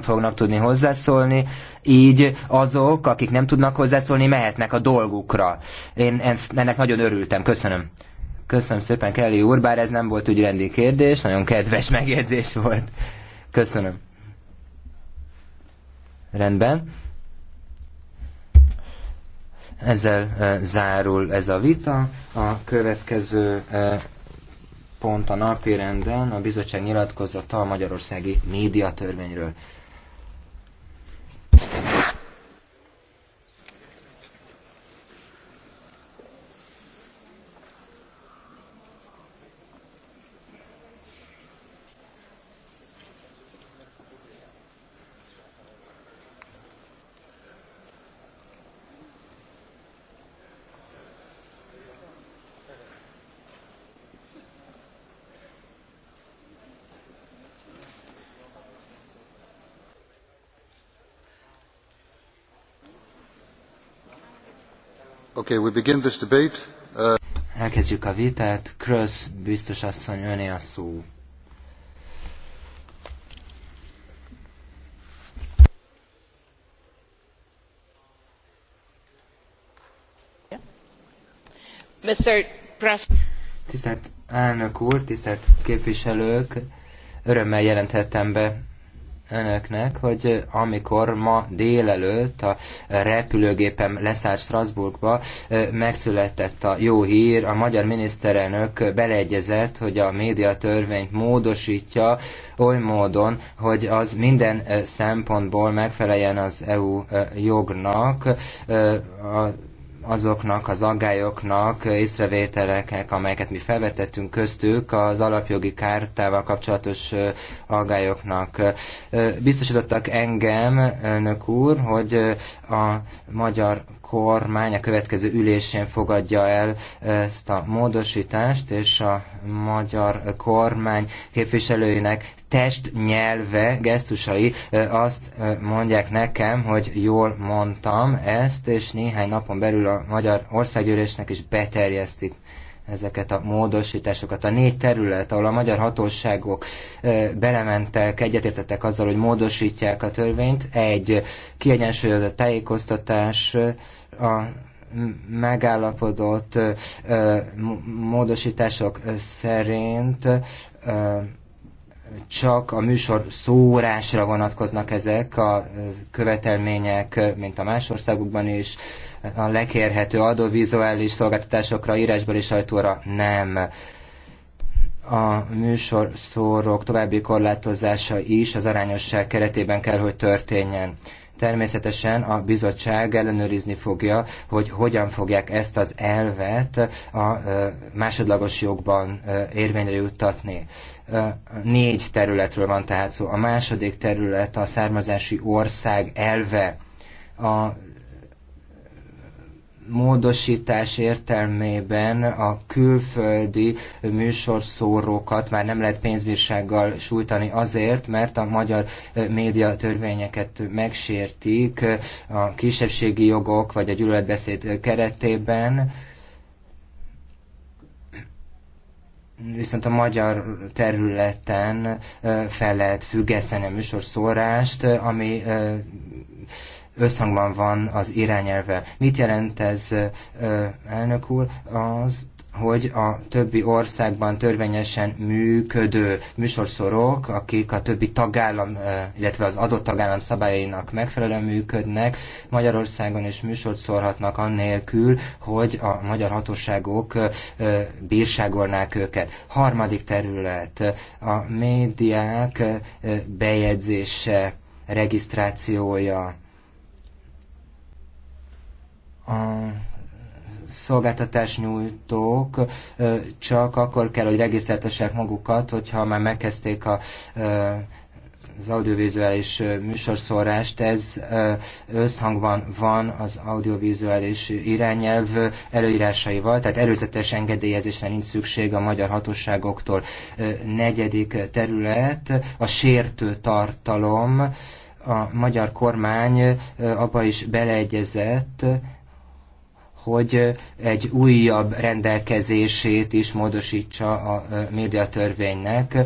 fognak tudni hozzászólni, így azok, akik nem tudnak hozzászólni, mehetnek a dolgukra. Én ennek nagyon örültem, köszönöm. Köszönöm szépen, Kelly úr, bár ez nem volt ügyrendi kérdés, nagyon kedves megjegyzés volt. Köszönöm. Rendben. Ezzel e, zárul ez a vita. A következő e, pont a napirenden a bizottság nyilatkozata a magyarországi médiatörvényről. Okay, we begin this debate. Uh... Elkezdjük a vitát. Krösz biztos asszony, öné a szó. Mr. Pref tisztelt elnök úr, tisztelt képviselők, örömmel jelenthetem be önöknek, hogy amikor ma délelőtt a repülőgépem leszállt Strasbourgba, megszületett a jó hír, a magyar miniszterelnök beleegyezett, hogy a médiatörvényt módosítja oly módon, hogy az minden szempontból megfeleljen az EU jognak, a azoknak az aggályoknak, észrevételeknek, amelyeket mi felvetettünk köztük, az alapjogi kártával kapcsolatos aggályoknak. Biztosítottak engem, önök úr, hogy a magyar kormány a következő ülésén fogadja el ezt a módosítást, és a magyar kormány képviselőinek testnyelve, gesztusai azt mondják nekem, hogy jól mondtam ezt, és néhány napon belül a magyar országgyűlésnek is beterjesztik ezeket a módosításokat. A négy terület, ahol a magyar hatóságok belementek, egyetértettek azzal, hogy módosítják a törvényt, egy kiegyensúlyozott tájékoztatás, a megállapodott módosítások szerint csak a műsor szórásra vonatkoznak ezek a követelmények, mint a más országokban is, a lekérhető adóvizuális szolgáltatásokra, írásbeli sajtóra nem. A műsor szórók további korlátozása is az arányosság keretében kell, hogy történjen. Természetesen a bizottság ellenőrizni fogja, hogy hogyan fogják ezt az elvet a másodlagos jogban érvényre juttatni. Négy területről van tehát szó. A második terület a származási ország elve. A módosítás értelmében a külföldi műsorszórókat már nem lehet pénzbírsággal sújtani azért, mert a magyar média törvényeket megsértik a kisebbségi jogok vagy a gyűlöletbeszéd keretében. viszont a magyar területen fel lehet függeszteni a műsorszórást, ami összhangban van az irányelve. Mit jelent ez, elnök úr? Az, hogy a többi országban törvényesen működő műsorszorok, akik a többi tagállam, illetve az adott tagállam szabályainak megfelelően működnek, Magyarországon is műsort szórhatnak annélkül, hogy a magyar hatóságok bírságolnák őket. Harmadik terület, a médiák bejegyzése, regisztrációja a szolgáltatás nyújtók csak akkor kell, hogy regisztráltassák magukat, hogyha már megkezdték a az audiovizuális műsorszórást, ez összhangban van az audiovizuális irányelv előírásaival, tehát előzetes engedélyezésre nincs szükség a magyar hatóságoktól. Negyedik terület, a sértő tartalom, a magyar kormány abba is beleegyezett, hogy egy újabb rendelkezését is módosítsa a médiatörvénynek,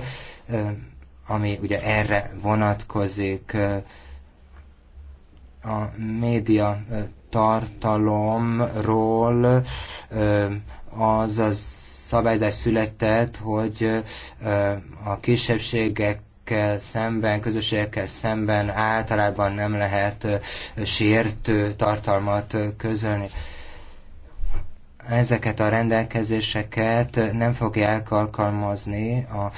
ami ugye erre vonatkozik a média tartalomról az a szabályzás született, hogy a kisebbségek szemben, közösségekkel szemben általában nem lehet sértő tartalmat közölni ezeket a rendelkezéseket nem fogják alkalmazni a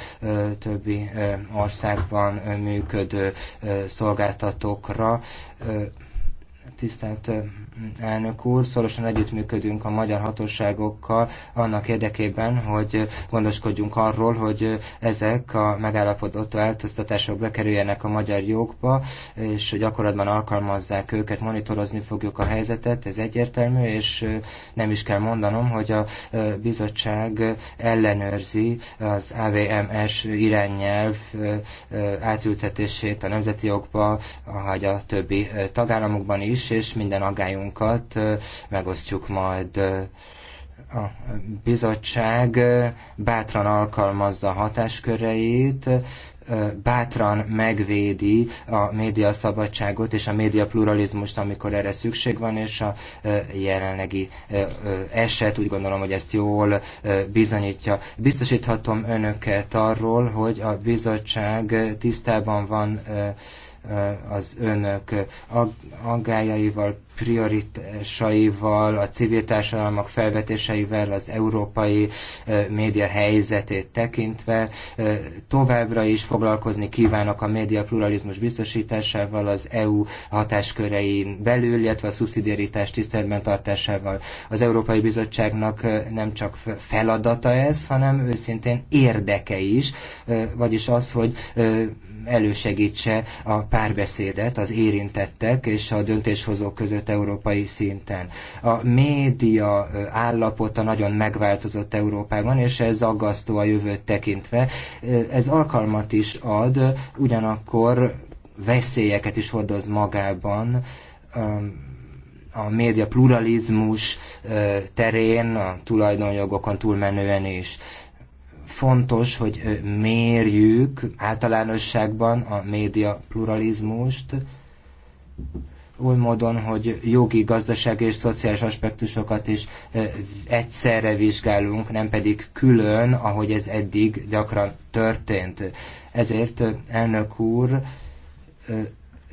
többi országban működő szolgáltatókra. Tisztelt elnök úr, szorosan együttműködünk a magyar hatóságokkal annak érdekében, hogy gondoskodjunk arról, hogy ezek a megállapodott változtatások bekerüljenek a magyar jogba, és gyakorlatban alkalmazzák őket, monitorozni fogjuk a helyzetet, ez egyértelmű, és nem is kell mondanom, hogy a bizottság ellenőrzi az AVMS irányelv átültetését a nemzeti jogba, ahogy a többi tagállamokban is, is, és minden agályunkat megosztjuk majd a bizottság bátran alkalmazza hatásköreit, bátran megvédi a média szabadságot és a média pluralizmust, amikor erre szükség van, és a jelenlegi eset úgy gondolom, hogy ezt jól bizonyítja. Biztosíthatom önöket arról, hogy a bizottság tisztában van Eh, az önök aggájaival, prioritásaival, a civil társadalmak felvetéseivel, az európai eh, média helyzetét tekintve. Eh, továbbra is foglalkozni kívánok a média pluralizmus biztosításával, az EU hatáskörein belül, illetve a szubszidiaritás tiszteletben tartásával. Az Európai Bizottságnak nem csak feladata ez, hanem őszintén érdeke is, vagyis az, hogy elősegítse a párbeszédet az érintettek és a döntéshozók között európai szinten. A média állapota nagyon megváltozott Európában, és ez aggasztó a jövőt tekintve. Ez alkalmat is ad, ugyanakkor veszélyeket is hordoz magában, a média pluralizmus terén, a tulajdonjogokon túlmenően is. Fontos, hogy mérjük általánosságban a média pluralizmust, oly módon, hogy jogi, gazdasági és szociális aspektusokat is egyszerre vizsgálunk, nem pedig külön, ahogy ez eddig gyakran történt. Ezért, elnök úr,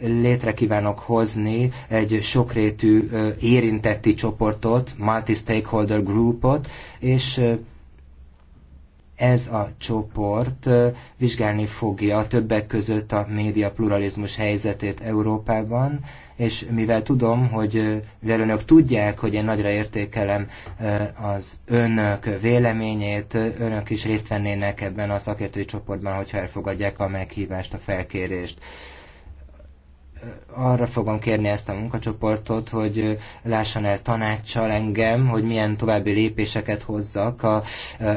létre kívánok hozni egy sokrétű érintetti csoportot, multi-stakeholder groupot, és ez a csoport vizsgálni fogja többek között a média pluralizmus helyzetét Európában, és mivel tudom, hogy mivel önök tudják, hogy én nagyra értékelem az önök véleményét, önök is részt vennének ebben a szakértői csoportban, hogyha elfogadják a meghívást, a felkérést arra fogom kérni ezt a munkacsoportot, hogy lássan el tanácssal engem, hogy milyen további lépéseket hozzak a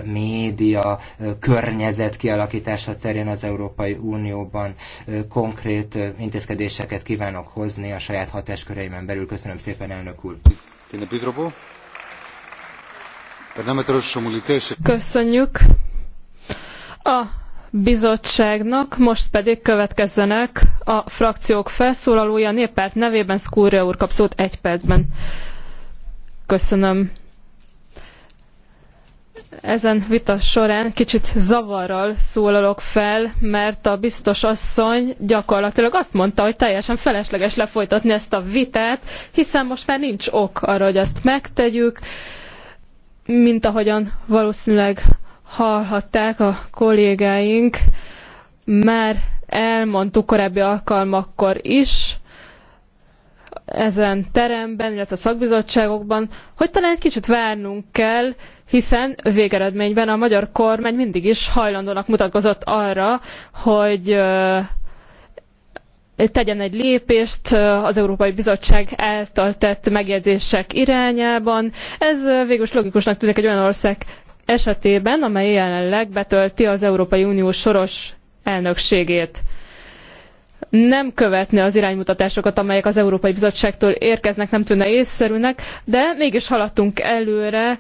média környezet kialakítása terén az Európai Unióban. Konkrét intézkedéseket kívánok hozni a saját hatásköreimen belül. Köszönöm szépen, elnök úr. Köszönjük. A bizottságnak, most pedig következzenek a frakciók felszólalója. Néppárt nevében Skúrja úr kap szót egy percben. Köszönöm. Ezen vita során kicsit zavarral szólalok fel, mert a biztos asszony gyakorlatilag azt mondta, hogy teljesen felesleges lefolytatni ezt a vitát, hiszen most már nincs ok arra, hogy ezt megtegyük, mint ahogyan valószínűleg hallhatták a kollégáink, már elmondtuk korábbi alkalmakkor is, ezen teremben, illetve a szakbizottságokban, hogy talán egy kicsit várnunk kell, hiszen végeredményben a magyar kormány mindig is hajlandónak mutatkozott arra, hogy tegyen egy lépést az Európai Bizottság által tett megjegyzések irányában. Ez végül is logikusnak tűnik egy olyan ország esetében, amely jelenleg betölti az Európai Unió soros elnökségét nem követné az iránymutatásokat, amelyek az Európai Bizottságtól érkeznek, nem tűnne észszerűnek, de mégis haladtunk előre.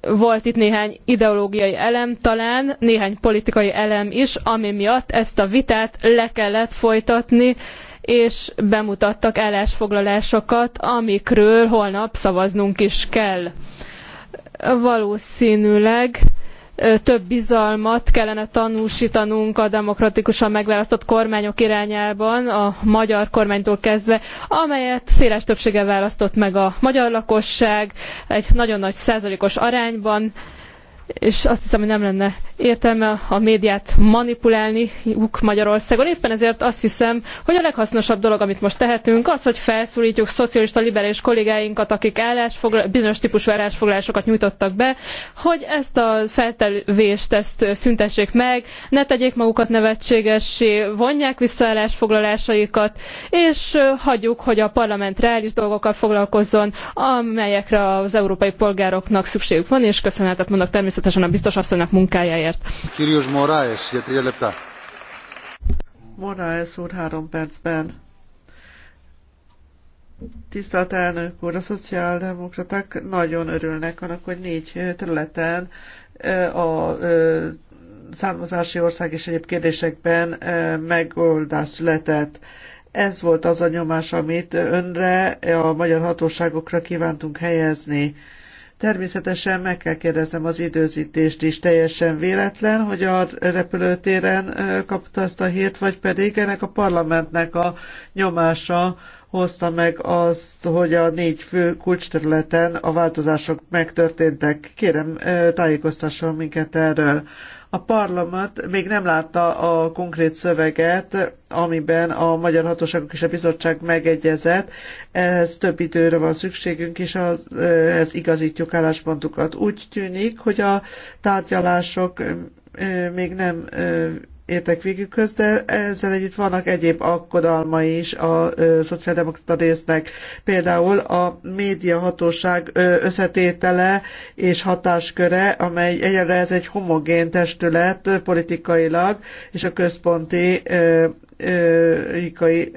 Volt itt néhány ideológiai elem talán, néhány politikai elem is, ami miatt ezt a vitát le kellett folytatni, és bemutattak állásfoglalásokat, amikről holnap szavaznunk is kell valószínűleg több bizalmat kellene tanúsítanunk a demokratikusan megválasztott kormányok irányában, a magyar kormánytól kezdve, amelyet széles többséggel választott meg a magyar lakosság, egy nagyon nagy százalékos arányban és azt hiszem, hogy nem lenne értelme a médiát manipulálniuk Magyarországon. Éppen ezért azt hiszem, hogy a leghasznosabb dolog, amit most tehetünk, az, hogy felszólítjuk szocialista liberális kollégáinkat, akik bizonyos típusú állásfoglalásokat nyújtottak be, hogy ezt a feltevést, ezt szüntessék meg, ne tegyék magukat nevetségessé, vonják vissza állásfoglalásaikat, és hagyjuk, hogy a parlament reális dolgokkal foglalkozzon, amelyekre az európai polgároknak szükségük van, és köszönetet mondok természetesen természetesen a biztos asszonynak munkájáért. Kirius Moraes, Moraes úr három percben. Tisztelt elnök úr, a szociáldemokraták nagyon örülnek annak, hogy négy területen a származási ország és egyéb kérdésekben megoldás született. Ez volt az a nyomás, amit önre a magyar hatóságokra kívántunk helyezni Természetesen meg kell kérdeznem az időzítést is. Teljesen véletlen, hogy a repülőtéren kapta ezt a hírt, vagy pedig ennek a parlamentnek a nyomása hozta meg azt, hogy a négy fő kulcsterületen a változások megtörténtek. Kérem, tájékoztasson minket erről. A parlament még nem látta a konkrét szöveget, amiben a magyar hatóságok és a bizottság megegyezett. Ehhez több időre van szükségünk, és ehhez igazítjuk álláspontukat. Úgy tűnik, hogy a tárgyalások még nem értek végükköz, de ezzel együtt vannak egyéb akkodalmai is a ö, szociáldemokrata résznek. Például a médiahatóság összetétele és hatásköre, amely egyre ez egy homogén testület ö, politikailag, és a központi ö, rikai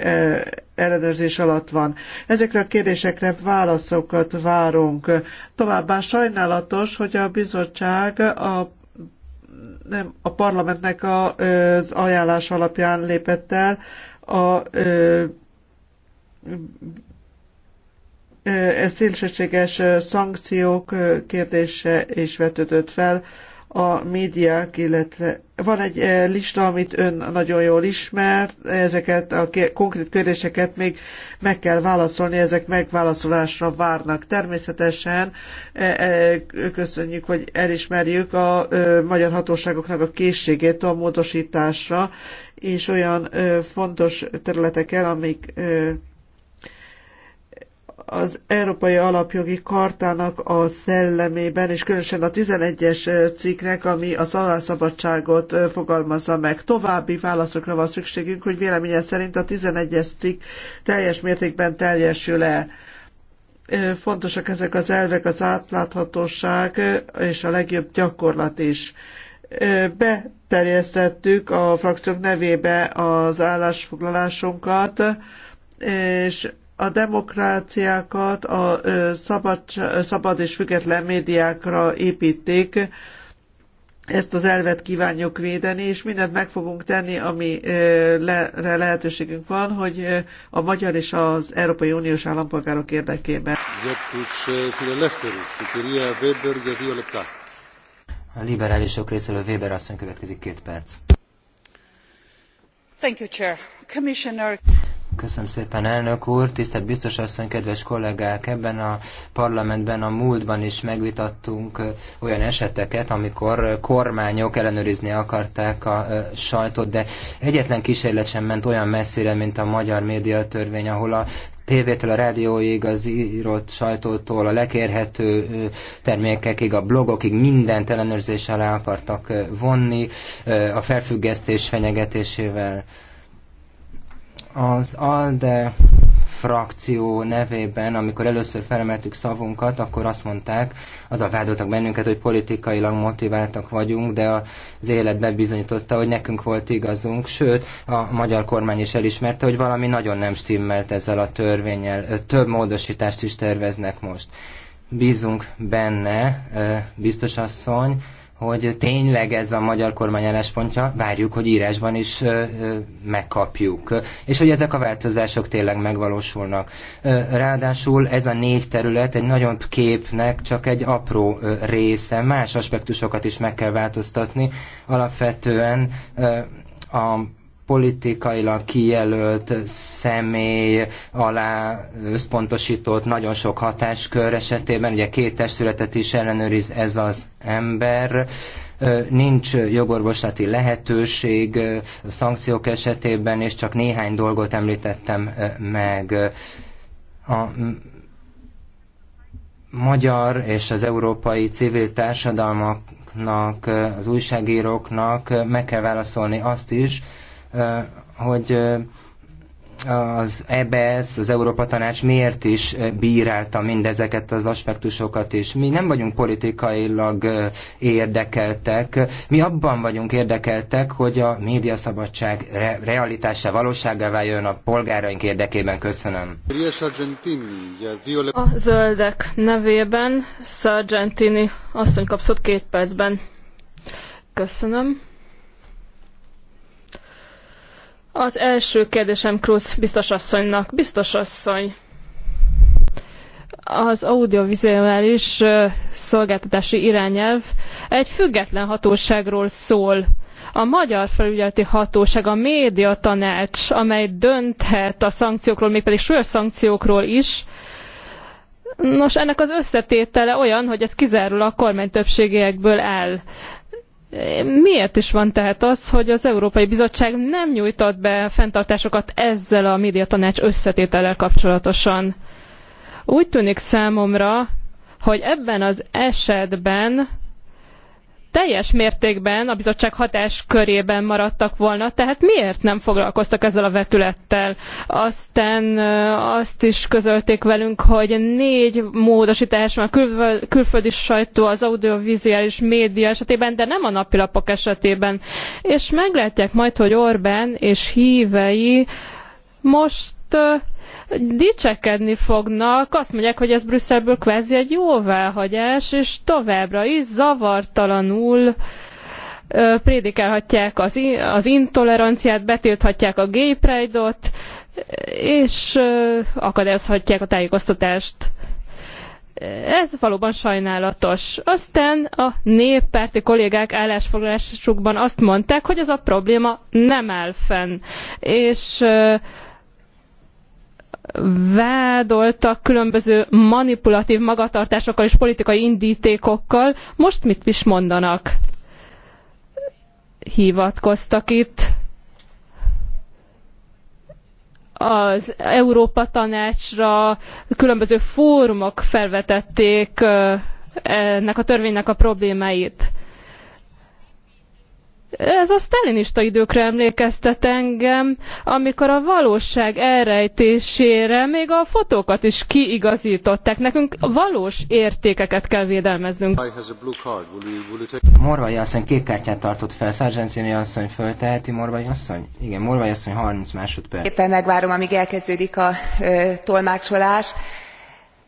ellenőrzés alatt van. Ezekre a kérdésekre válaszokat várunk. Továbbá sajnálatos, hogy a bizottság a nem a parlamentnek a, az ajánlás alapján lépett el a ö, szélsőséges szankciók kérdése is vetődött fel a médiák, illetve van egy eh, lista, amit ön nagyon jól ismer, ezeket a konkrét kérdéseket még meg kell válaszolni, ezek megválaszolásra várnak. Természetesen eh, eh, köszönjük, hogy elismerjük a magyar hatóságoknak a készségét a módosításra, és olyan fontos területekkel, amik az Európai Alapjogi Kartának a szellemében, és különösen a 11-es cikknek, ami a szólásszabadságot fogalmazza meg. További válaszokra van szükségünk, hogy véleménye szerint a 11-es cikk teljes mértékben teljesül-e fontosak ezek az elvek, az átláthatóság és a legjobb gyakorlat is. Beterjesztettük a frakciók nevébe az állásfoglalásunkat, és a demokráciákat a szabad, szabad és független médiákra építik. ezt az elvet kívánjuk védeni, és mindent meg fogunk tenni, amire lehetőségünk van, hogy a magyar és az Európai Uniós állampolgárok érdekében. A liberálisok részéről Weber asszony következik két perc. Thank you, Chair. Commissioner... Köszönöm szépen, elnök úr, tisztelt biztos asszony, kedves kollégák! Ebben a parlamentben a múltban is megvitattunk olyan eseteket, amikor kormányok ellenőrizni akarták a sajtót, de egyetlen kísérlet sem ment olyan messzire, mint a magyar médiatörvény, ahol a tévétől a rádióig, az írott sajtótól a lekérhető termékekig, a blogokig mindent ellenőrzés alá akartak vonni, a felfüggesztés fenyegetésével az ALDE frakció nevében, amikor először felemeltük szavunkat, akkor azt mondták, az a vádoltak bennünket, hogy politikailag motiváltak vagyunk, de az élet bebizonyította, hogy nekünk volt igazunk, sőt, a magyar kormány is elismerte, hogy valami nagyon nem stimmelt ezzel a törvényel. Több módosítást is terveznek most. Bízunk benne, eh, biztos asszony, hogy tényleg ez a magyar kormány álláspontja, várjuk, hogy írásban is megkapjuk, és hogy ezek a változások tényleg megvalósulnak. Ráadásul ez a négy terület egy nagyon képnek csak egy apró része, más aspektusokat is meg kell változtatni. Alapvetően a politikailag kijelölt személy alá összpontosított nagyon sok hatáskör esetében, ugye két testületet is ellenőriz ez az ember, nincs jogorvoslati lehetőség szankciók esetében, és csak néhány dolgot említettem meg. A magyar és az európai civil társadalmaknak, az újságíróknak meg kell válaszolni azt is, hogy az EBS, az Európa Tanács miért is bírálta mindezeket az aspektusokat, és mi nem vagyunk politikailag érdekeltek, mi abban vagyunk érdekeltek, hogy a médiaszabadság re- realitása valósággá váljon a polgáraink érdekében. Köszönöm. A zöldek nevében Sargentini asszony kapszott két percben. Köszönöm. Az első kérdésem Krusz biztosasszonynak. Biztosasszony, az audiovizuális szolgáltatási irányelv egy független hatóságról szól. A Magyar Felügyeleti Hatóság, a Média Tanács, amely dönthet a szankciókról, mégpedig súlyos szankciókról is, Nos, ennek az összetétele olyan, hogy ez kizárólag a kormány többségiekből áll. Miért is van tehát az, hogy az Európai Bizottság nem nyújtott be fenntartásokat ezzel a médiatanács összetétellel kapcsolatosan? Úgy tűnik számomra, hogy ebben az esetben teljes mértékben a bizottság hatás körében maradtak volna, tehát miért nem foglalkoztak ezzel a vetülettel? Aztán azt is közölték velünk, hogy négy módosítás van a külföldi sajtó, az audiovizuális média esetében, de nem a napilapok esetében. És meglátják majd, hogy Orbán és hívei most dicsekedni fognak, azt mondják, hogy ez Brüsszelből kvázi egy jóváhagyás, és továbbra is zavartalanul ö, prédikálhatják az, az intoleranciát, betilthatják a gay pride-ot, és ö, akadályozhatják a tájékoztatást. Ez valóban sajnálatos. Aztán a néppárti kollégák állásfoglalásukban azt mondták, hogy ez a probléma nem áll fenn. És ö, vádoltak különböző manipulatív magatartásokkal és politikai indítékokkal. Most mit is mondanak? Hivatkoztak itt az Európa Tanácsra, különböző fórumok felvetették ennek a törvénynek a problémáit. Ez a sztálinista időkre emlékeztet engem, amikor a valóság elrejtésére még a fotókat is kiigazították. Nekünk valós értékeket kell védelmeznünk. Morvai asszony kék kártyát tartott fel. Sargentini asszony fölteheti Morvai asszony? Igen, Morvai asszony 30 másodperc. Éppen megvárom, amíg elkezdődik a ö, tolmácsolás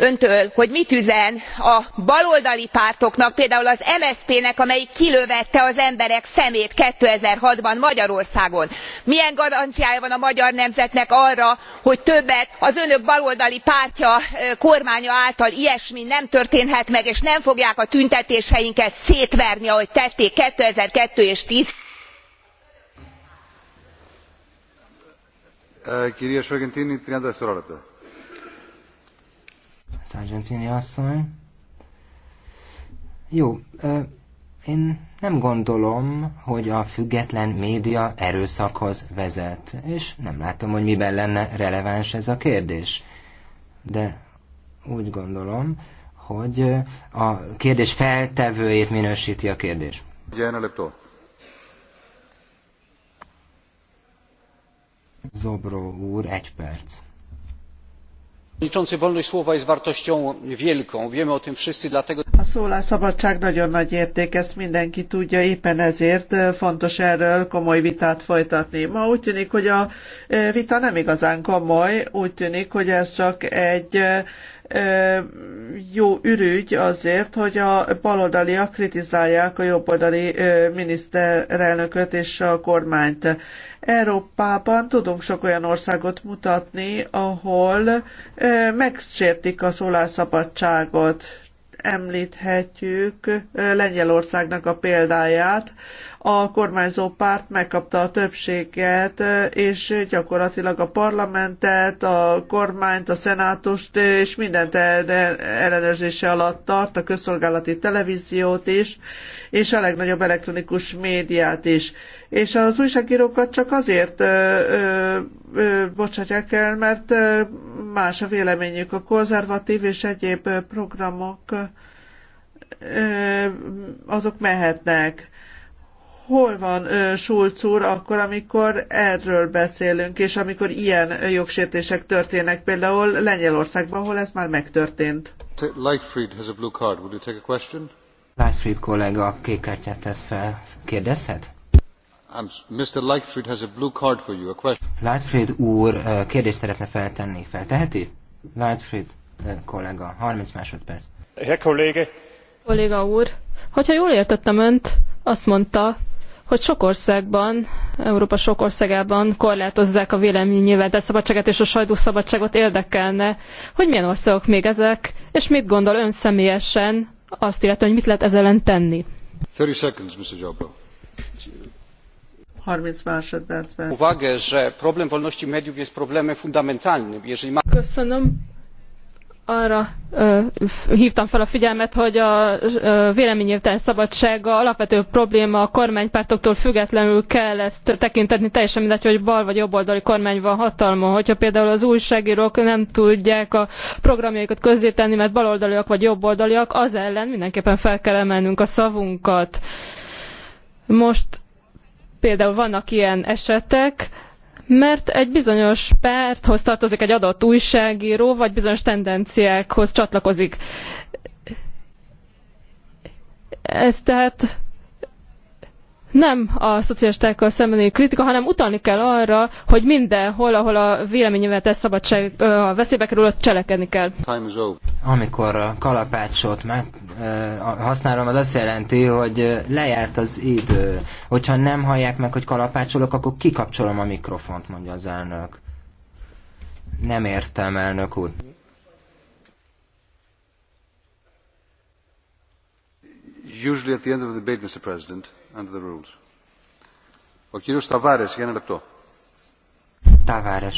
öntől hogy mit üzen a baloldali pártoknak például az mszp nek amelyik kilövette az emberek szemét two thousand and six ban magyarországon. milyen garanciája van a magyar nemzetnek arra hogy többet az önök baloldali pártja kormánya által ilyesmi nem történhet meg és nem fogják a tüntetéseinket szétverni ahogy tették two thousand and two és two Sargentini asszony. Jó, én nem gondolom, hogy a független média erőszakhoz vezet, és nem látom, hogy miben lenne releváns ez a kérdés. De úgy gondolom, hogy a kérdés feltevőjét minősíti a kérdés. Zobró úr, egy perc a szólásszabadság nagyon nagy érték ezt mindenki tudja éppen ezért e, fontos erről komoly vitát folytatni. ma úgy tűnik hogy a e, vita nem igazán komoly úgy tűnik hogy ez csak egy e, jó ürügy azért, hogy a baloldaliak kritizálják a jobboldali miniszterelnököt és a kormányt. Európában tudunk sok olyan országot mutatni, ahol megsértik a szólásszabadságot. Említhetjük Lengyelországnak a példáját, a kormányzó párt megkapta a többséget, és gyakorlatilag a parlamentet, a kormányt, a szenátust, és mindent ellenőrzése alatt tart, a közszolgálati televíziót is, és a legnagyobb elektronikus médiát is. És az újságírókat csak azért ö, ö, ö, bocsátják el, mert más a véleményük. A konzervatív és egyéb programok azok mehetnek hol van Schulz úr akkor, amikor erről beszélünk, és amikor ilyen jogsértések történnek, például Lengyelországban, hol ez már megtörtént? Lightfried has a blue card. Would you take a question? Lightfried kollega kék kártyát tett fel. Kérdezhet? I'm, Mr. Lightfried has a blue card for you. A question. Lightfried úr kérdést szeretne feltenni. Felteheti? Lightfried kollega, 30 másodperc. Herr kollége. Kolléga úr, hogyha jól értettem önt, azt mondta, hogy sok országban, Európa sok országában korlátozzák a véleménynyilvántás szabadságát és a sajtószabadságot érdekelne, hogy milyen országok még ezek, és mit gondol ön személyesen azt illetően, hogy mit lehet ezzel ellen tenni. 30 seconds, Mr. Jobbo. 30 másodperc. Uwagę, że problem wolności mediów jest problemem fundamentalnym. Jeżeli ma... Köszönöm arra ö, hívtam fel a figyelmet, hogy a véleménynyilvánítás szabadsága alapvető probléma a kormánypártoktól függetlenül kell ezt tekintetni, teljesen mindegy, hogy bal vagy jobboldali kormány van hatalmon. Hogyha például az újságírók nem tudják a programjaikat közzétenni, mert baloldaliak vagy jobboldaliak, az ellen mindenképpen fel kell emelnünk a szavunkat. Most például vannak ilyen esetek, mert egy bizonyos párthoz tartozik egy adott újságíró, vagy bizonyos tendenciákhoz csatlakozik. Ez tehát nem a szocialistákkal szembeni kritika, hanem utalni kell arra, hogy mindenhol, ahol a véleményevetés szabadság a veszélybe kerül, ott cselekedni kell. Amikor a kalapácsot meg használom, az azt jelenti, hogy lejárt az idő. Hogyha nem hallják meg, hogy kalapácsolok, akkor kikapcsolom a mikrofont, mondja az elnök. Nem értem, elnök úr. Usually at the end of the debate, Mr. President, under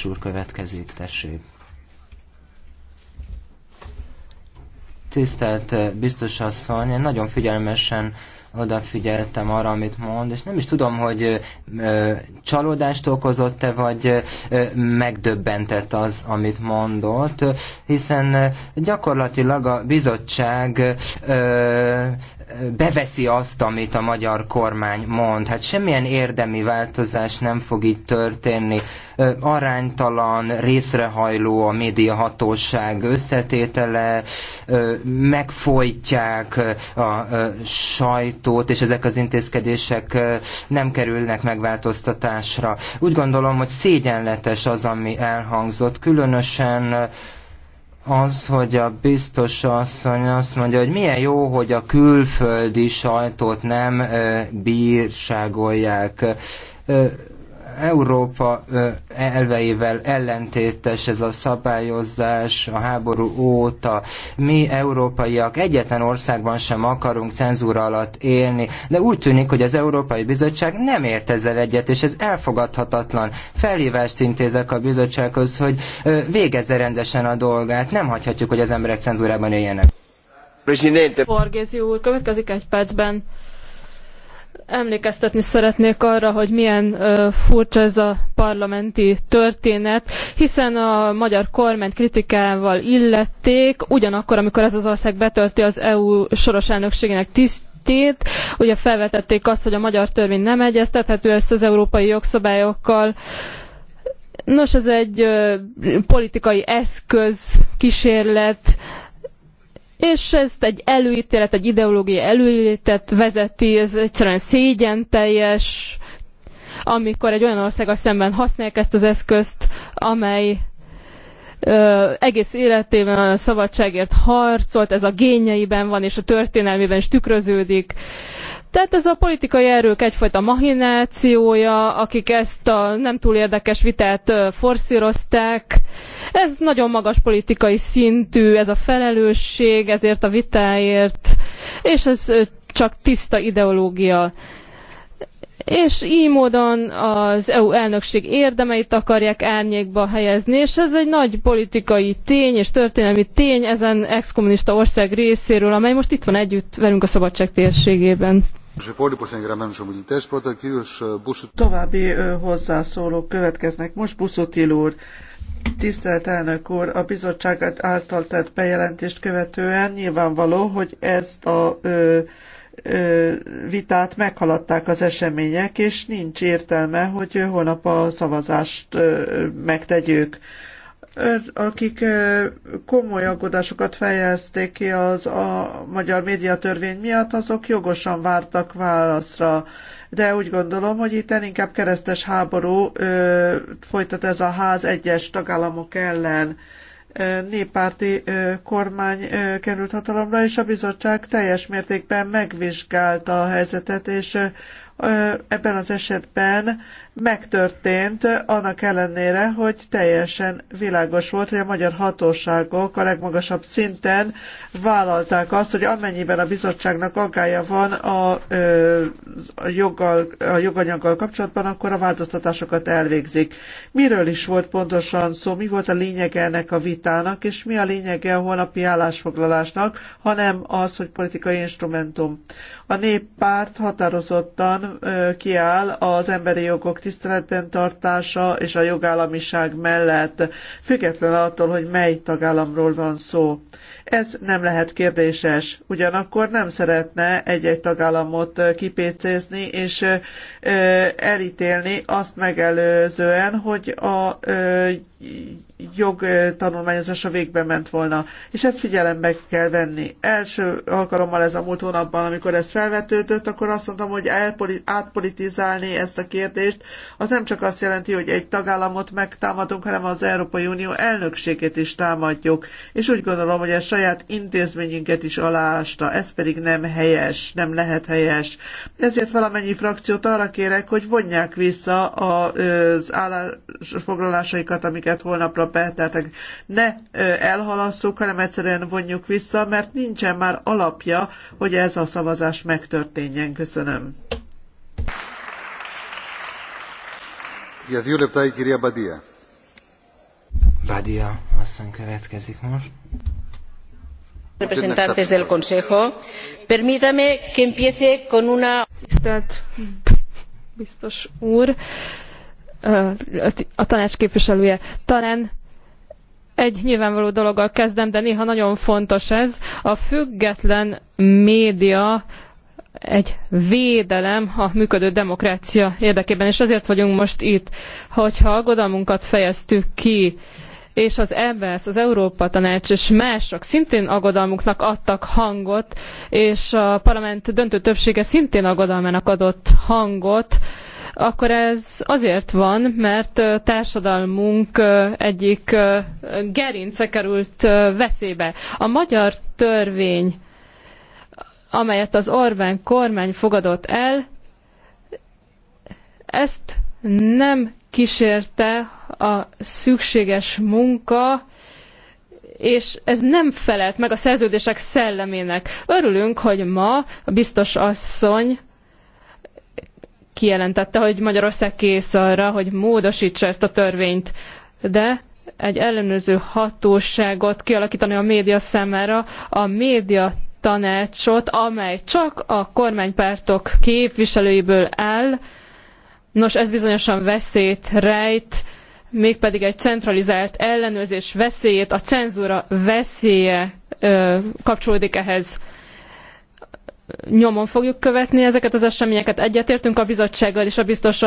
úr következik, tessék. Tisztelt eh, biztos asszony, én nagyon figyelmesen odafigyeltem arra, amit mond, és nem is tudom, hogy ö, eh, eh, csalódást okozott-e, vagy ö, megdöbbentett az, amit mondott, hiszen gyakorlatilag a bizottság ö, beveszi azt, amit a magyar kormány mond. Hát semmilyen érdemi változás nem fog itt történni. Aránytalan, részrehajló a médiahatóság összetétele, megfojtják a sajtót, és ezek az intézkedések nem kerülnek megváltoztatásra. Úgy gondolom, hogy szégyenletes az, ami elhangzott, különösen az, hogy a biztos asszony azt mondja, hogy milyen jó, hogy a külföldi sajtót nem bírságolják Európa elveivel ellentétes ez a szabályozás a háború óta. Mi európaiak egyetlen országban sem akarunk cenzúra alatt élni, de úgy tűnik, hogy az Európai Bizottság nem ért ezzel egyet, és ez elfogadhatatlan. Felhívást intézek a bizottsághoz, hogy végezze rendesen a dolgát. Nem hagyhatjuk, hogy az emberek cenzúrában éljenek. Borgézi úr, következik egy percben emlékeztetni szeretnék arra, hogy milyen furcsa ez a parlamenti történet, hiszen a magyar kormány kritikával illették, ugyanakkor, amikor ez az ország betölti az EU soros elnökségének tiszt, tét. Ugye felvetették azt, hogy a magyar törvény nem egyeztethető össze az európai jogszabályokkal. Nos, ez egy politikai eszköz, kísérlet, és ezt egy előítélet, egy ideológiai előítélet vezeti, ez egyszerűen szégyen teljes, amikor egy olyan országgal szemben használják ezt az eszközt, amely egész életében a szabadságért harcolt, ez a génjeiben van, és a történelmében is tükröződik. Tehát ez a politikai erők egyfajta mahinációja, akik ezt a nem túl érdekes vitát forszírozták. Ez nagyon magas politikai szintű, ez a felelősség ezért a vitáért, és ez csak tiszta ideológia és így módon az EU elnökség érdemeit akarják árnyékba helyezni, és ez egy nagy politikai tény és történelmi tény ezen exkommunista ország részéről, amely most itt van együtt velünk a szabadság térségében. További hozzászólók következnek. Most Buszotil úr, tisztelt elnök úr, a bizottság által tett bejelentést követően nyilvánvaló, hogy ezt a ö, vitát meghaladták az események, és nincs értelme, hogy holnap a szavazást megtegyük. Akik komoly aggodásokat fejezték ki az a magyar médiatörvény miatt, azok jogosan vártak válaszra. De úgy gondolom, hogy itt inkább keresztes háború folytat ez a ház egyes tagállamok ellen néppárti kormány került hatalomra, és a bizottság teljes mértékben megvizsgálta a helyzetet, és ebben az esetben megtörtént annak ellenére, hogy teljesen világos volt, hogy a magyar hatóságok a legmagasabb szinten vállalták azt, hogy amennyiben a bizottságnak aggája van a, a, joggal, a joganyaggal kapcsolatban, akkor a változtatásokat elvégzik. Miről is volt pontosan szó, mi volt a lényege ennek a vitának, és mi a lényege a holnapi állásfoglalásnak, hanem az, hogy politikai instrumentum. A néppárt határozottan kiáll az emberi jogok tiszteletben tartása és a jogállamiság mellett, független attól, hogy mely tagállamról van szó. Ez nem lehet kérdéses. Ugyanakkor nem szeretne egy-egy tagállamot kipécézni és elítélni azt megelőzően, hogy a jogtanulmányozása végbe ment volna. És ezt figyelembe kell venni. Első alkalommal ez a múlt hónapban, amikor ez felvetődött, akkor azt mondtam, hogy átpolitizálni ezt a kérdést, az nem csak azt jelenti, hogy egy tagállamot megtámadunk, hanem az Európai Unió elnökségét is támadjuk. És úgy gondolom, hogy a saját intézményünket is aláásta. Ez pedig nem helyes, nem lehet helyes. Ezért valamennyi frakciót arra kérek, hogy vonják vissza az állásfoglalásaikat, amiket ezeket holnapra beteltek. Ne elhalasszuk, hanem egyszerűen vonjuk vissza, mert nincsen már alapja, hogy ez a szavazás megtörténjen. Köszönöm. Badia, δύο λεπτά asszony következik most. Representantes del Consejo, permítame que empiece con una... Tisztelt biztos úr, a tanács képviselője. Talán egy nyilvánvaló dologgal kezdem, de néha nagyon fontos ez. A független média egy védelem a működő demokrácia érdekében, és ezért vagyunk most itt, hogyha aggodalmunkat fejeztük ki, és az EBSZ, az Európa Tanács és mások szintén aggodalmuknak adtak hangot, és a parlament döntő többsége szintén aggodalmának adott hangot, akkor ez azért van, mert társadalmunk egyik gerince került veszélybe. A magyar törvény, amelyet az Orbán kormány fogadott el, ezt nem kísérte a szükséges munka, és ez nem felelt meg a szerződések szellemének. Örülünk, hogy ma a biztos asszony kijelentette, hogy Magyarország kész arra, hogy módosítsa ezt a törvényt, de egy ellenőrző hatóságot kialakítani a média számára, a média tanácsot, amely csak a kormánypártok képviselőiből áll. Nos, ez bizonyosan veszélyt rejt, mégpedig egy centralizált ellenőrzés veszélyét, a cenzúra veszélye ö, kapcsolódik ehhez nyomon fogjuk követni ezeket az eseményeket. Egyetértünk a bizottsággal és a biztos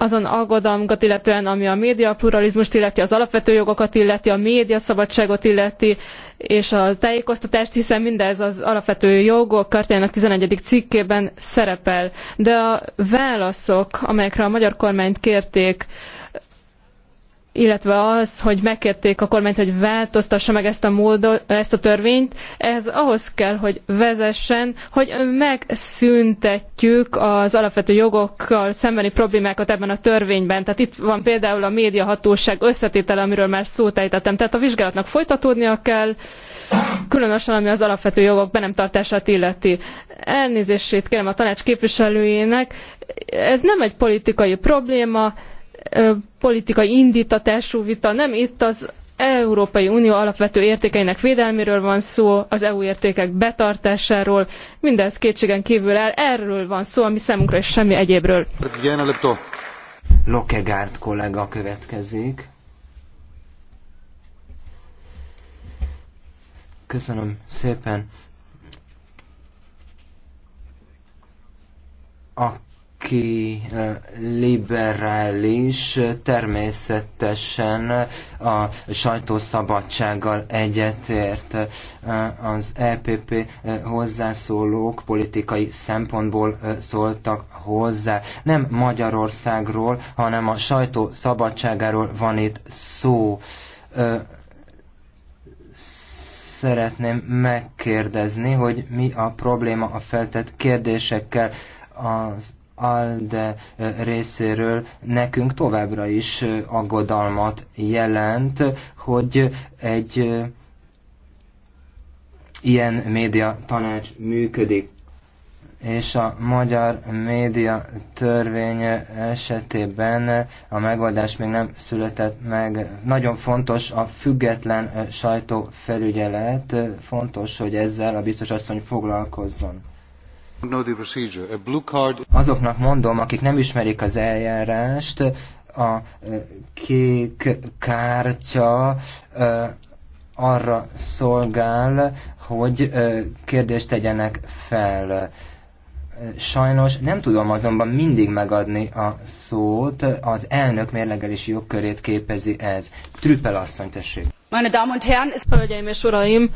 azon aggodalmunkat illetően, ami a média pluralizmust illeti, az alapvető jogokat illeti, a média szabadságot illeti, és a tájékoztatást, hiszen mindez az alapvető jogok kartjának 11. cikkében szerepel. De a válaszok, amelyekre a magyar kormányt kérték, illetve az, hogy megkérték a kormányt, hogy változtassa meg ezt a, módo, ezt a törvényt, Ez ahhoz kell, hogy vezessen, hogy megszüntetjük az alapvető jogokkal szembeni problémákat ebben a törvényben. Tehát itt van például a médiahatóság összetétele, amiről már szót ejtettem. Tehát a vizsgálatnak folytatódnia kell, különösen ami az alapvető jogok be nem tartását illeti. Elnézését kérem a tanács képviselőjének, ez nem egy politikai probléma, politikai indítatású vita, nem itt az Európai Unió alapvető értékeinek védelméről van szó, az EU értékek betartásáról, mindez kétségen kívül áll. Erről van szó, ami számunkra és semmi egyébről. Lokegárd kollega következik. Köszönöm szépen. A ki eh, liberális, természetesen a sajtószabadsággal egyetért eh, az EPP eh, hozzászólók politikai szempontból szóltak hozzá. Nem Magyarországról, hanem a sajtószabadságáról van itt szó szeretném megkérdezni, hogy mi a probléma a feltett kérdésekkel az ALDE részéről nekünk továbbra is aggodalmat jelent, hogy egy ilyen média tanács működik. És a magyar média törvény esetében a megoldás még nem született meg. Nagyon fontos a független sajtófelügyelet, fontos, hogy ezzel a biztos asszony foglalkozzon. Azoknak mondom, akik nem ismerik az eljárást, a e, kék kártya e, arra szolgál, hogy e, kérdést tegyenek fel. Sajnos nem tudom azonban mindig megadni a szót, az elnök mérlegelési jogkörét képezi ez. Trüppel asszony, tessék! Meine Damen und Herren, Hölgyeim és Uraim!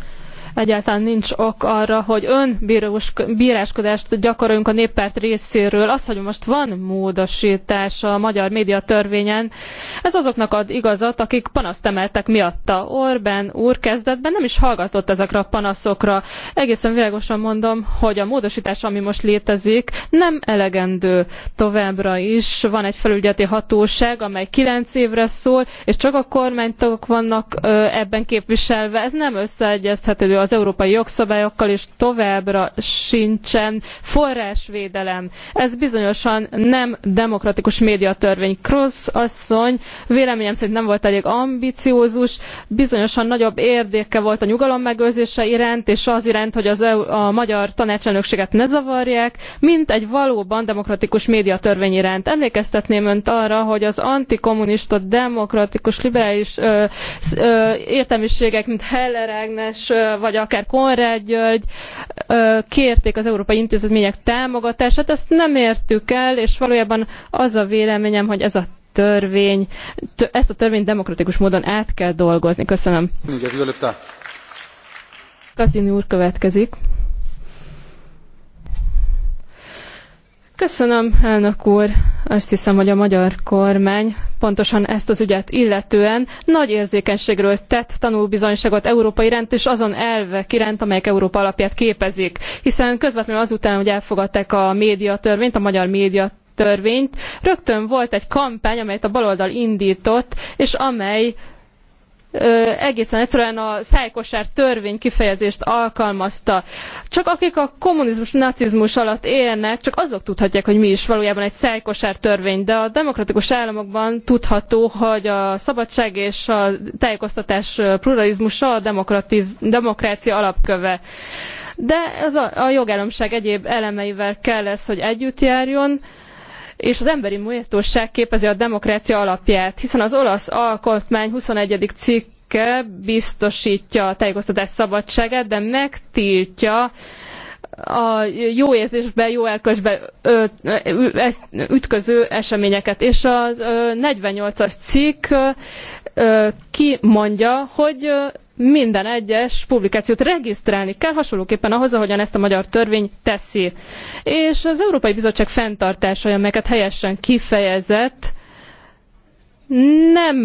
Egyáltalán nincs ok arra, hogy önbíráskodást gyakoroljunk a néppárt részéről. Az, hogy most van módosítás a magyar médiatörvényen, ez azoknak ad igazat, akik panaszt emeltek miatta. Orbán úr kezdetben nem is hallgatott ezekre a panaszokra. Egészen világosan mondom, hogy a módosítás, ami most létezik, nem elegendő továbbra is. Van egy felügyeleti hatóság, amely kilenc évre szól, és csak a kormánytagok vannak ebben képviselve. Ez nem összeegyeztethető az európai jogszabályokkal, és továbbra sincsen forrásvédelem. Ez bizonyosan nem demokratikus médiatörvény. Krosz asszony véleményem szerint nem volt elég ambiciózus, bizonyosan nagyobb érdéke volt a nyugalom megőrzése iránt, és az iránt, hogy az EU, a magyar tanácselnökséget ne zavarják, mint egy valóban demokratikus médiatörvény iránt. Emlékeztetném önt arra, hogy az antikommunista, demokratikus, liberális ö, ö, értelmiségek, mint Heller Ágnes, vagy vagy akár Konrad György kérték az európai intézmények támogatását, azt nem értük el, és valójában az a véleményem, hogy ez a törvény, ezt a törvényt demokratikus módon át kell dolgozni. Köszönöm. Cassini úr következik. Köszönöm, elnök úr. Azt hiszem, hogy a magyar kormány pontosan ezt az ügyet illetően nagy érzékenységről tett tanulbizonyságot Európa iránt és azon elvek iránt, amelyek Európa alapját képezik. Hiszen közvetlenül azután, hogy elfogadták a médiatörvényt, a magyar médiatörvényt, törvényt. Rögtön volt egy kampány, amelyet a baloldal indított, és amely egészen egyszerűen a szájkosár törvény kifejezést alkalmazta. Csak akik a kommunizmus, nacizmus alatt élnek, csak azok tudhatják, hogy mi is valójában egy szájkosár törvény, de a demokratikus államokban tudható, hogy a szabadság és a tájékoztatás pluralizmusa a demokrácia alapköve. De ez a, a jogállamiság egyéb elemeivel kell lesz, hogy együtt járjon, és az emberi méltóság képezi a demokrácia alapját, hiszen az olasz alkotmány 21. cikke biztosítja a tájékoztatás szabadságát, de megtiltja a jó érzésbe, jó elkösbe ütköző eseményeket. És az 48-as cikk kimondja, hogy minden egyes publikációt regisztrálni kell, hasonlóképpen ahhoz, ahogyan ezt a magyar törvény teszi. És az Európai Bizottság fenntartása, amelyeket helyesen kifejezett, nem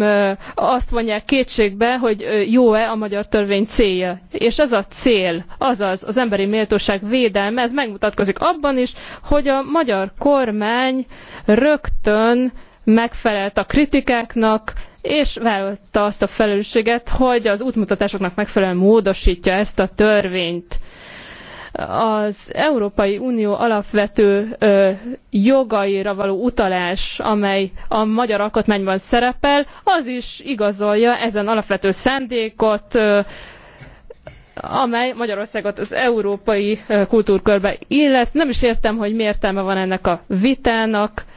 azt vonják kétségbe, hogy jó-e a magyar törvény célja. És ez a cél, azaz az emberi méltóság védelme, ez megmutatkozik abban is, hogy a magyar kormány rögtön megfelelt a kritikáknak, és vállalta azt a felelősséget, hogy az útmutatásoknak megfelelően módosítja ezt a törvényt az Európai Unió alapvető ö, jogaira való utalás, amely a magyar alkotmányban szerepel, az is igazolja ezen alapvető szándékot, ö, amely Magyarországot az európai kultúrkörbe illeszt. Nem is értem, hogy mi értelme van ennek a vitának. Ö,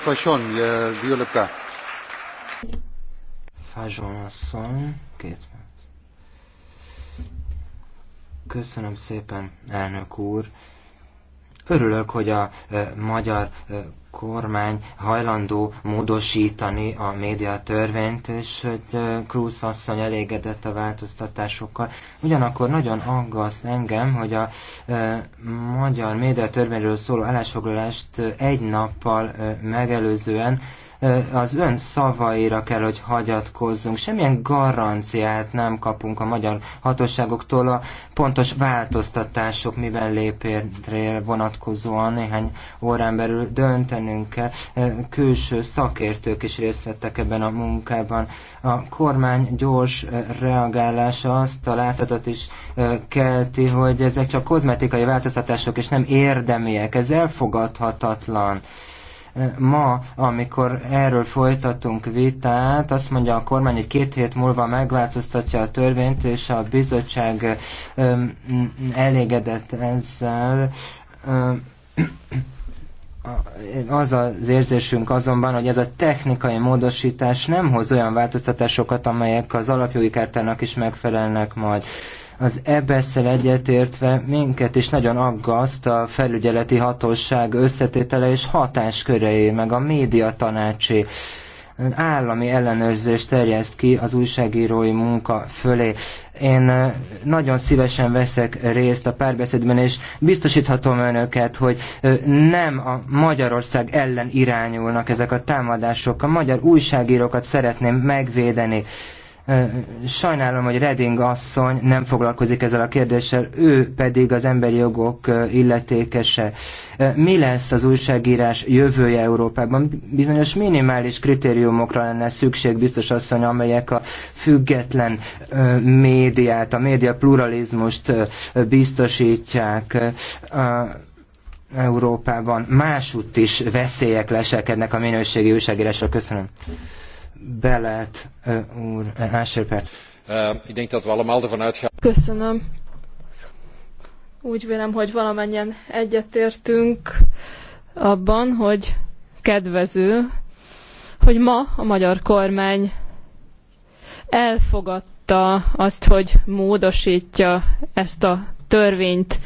Fajon, δύο λεπτά. Fajon asszony, két Köszönöm szépen, elnök úr. Örülök, hogy a magyar kormány hajlandó módosítani a média törvényt, és hogy Krúz asszony elégedett a változtatásokkal. Ugyanakkor nagyon aggaszt engem, hogy a magyar média törvényről szóló állásfoglalást egy nappal megelőzően az ön szavaira kell, hogy hagyatkozzunk. Semmilyen garanciát nem kapunk a magyar hatóságoktól a pontos változtatások, mivel lépérre vonatkozóan néhány órán belül döntenünk kell. Külső szakértők is részt vettek ebben a munkában. A kormány gyors reagálása azt a látszatot is kelti, hogy ezek csak kozmetikai változtatások, és nem érdemiek. Ez elfogadhatatlan. Ma, amikor erről folytatunk vitát, azt mondja a kormány, hogy két hét múlva megváltoztatja a törvényt, és a bizottság elégedett ezzel az az érzésünk azonban, hogy ez a technikai módosítás nem hoz olyan változtatásokat, amelyek az alapjogi kártának is megfelelnek majd. Az ebs e egyetértve minket is nagyon aggaszt a felügyeleti hatóság összetétele és hatásköreé, meg a média tanácsé állami ellenőrzést terjeszt ki az újságírói munka fölé. Én nagyon szívesen veszek részt a párbeszédben, és biztosíthatom önöket, hogy nem a Magyarország ellen irányulnak ezek a támadások. A magyar újságírókat szeretném megvédeni. Sajnálom, hogy Reding asszony nem foglalkozik ezzel a kérdéssel, ő pedig az emberi jogok illetékese. Mi lesz az újságírás jövője Európában? Bizonyos minimális kritériumokra lenne szükség, biztos asszony, amelyek a független médiát, a média pluralizmust biztosítják. Európában másútt is veszélyek lesekednek a minőségi újságírásra. Köszönöm. Belet úr, másfél perc. Köszönöm. Úgy vélem, hogy valamennyien egyetértünk abban, hogy kedvező, hogy ma a magyar kormány elfogadta azt, hogy módosítja ezt a törvényt,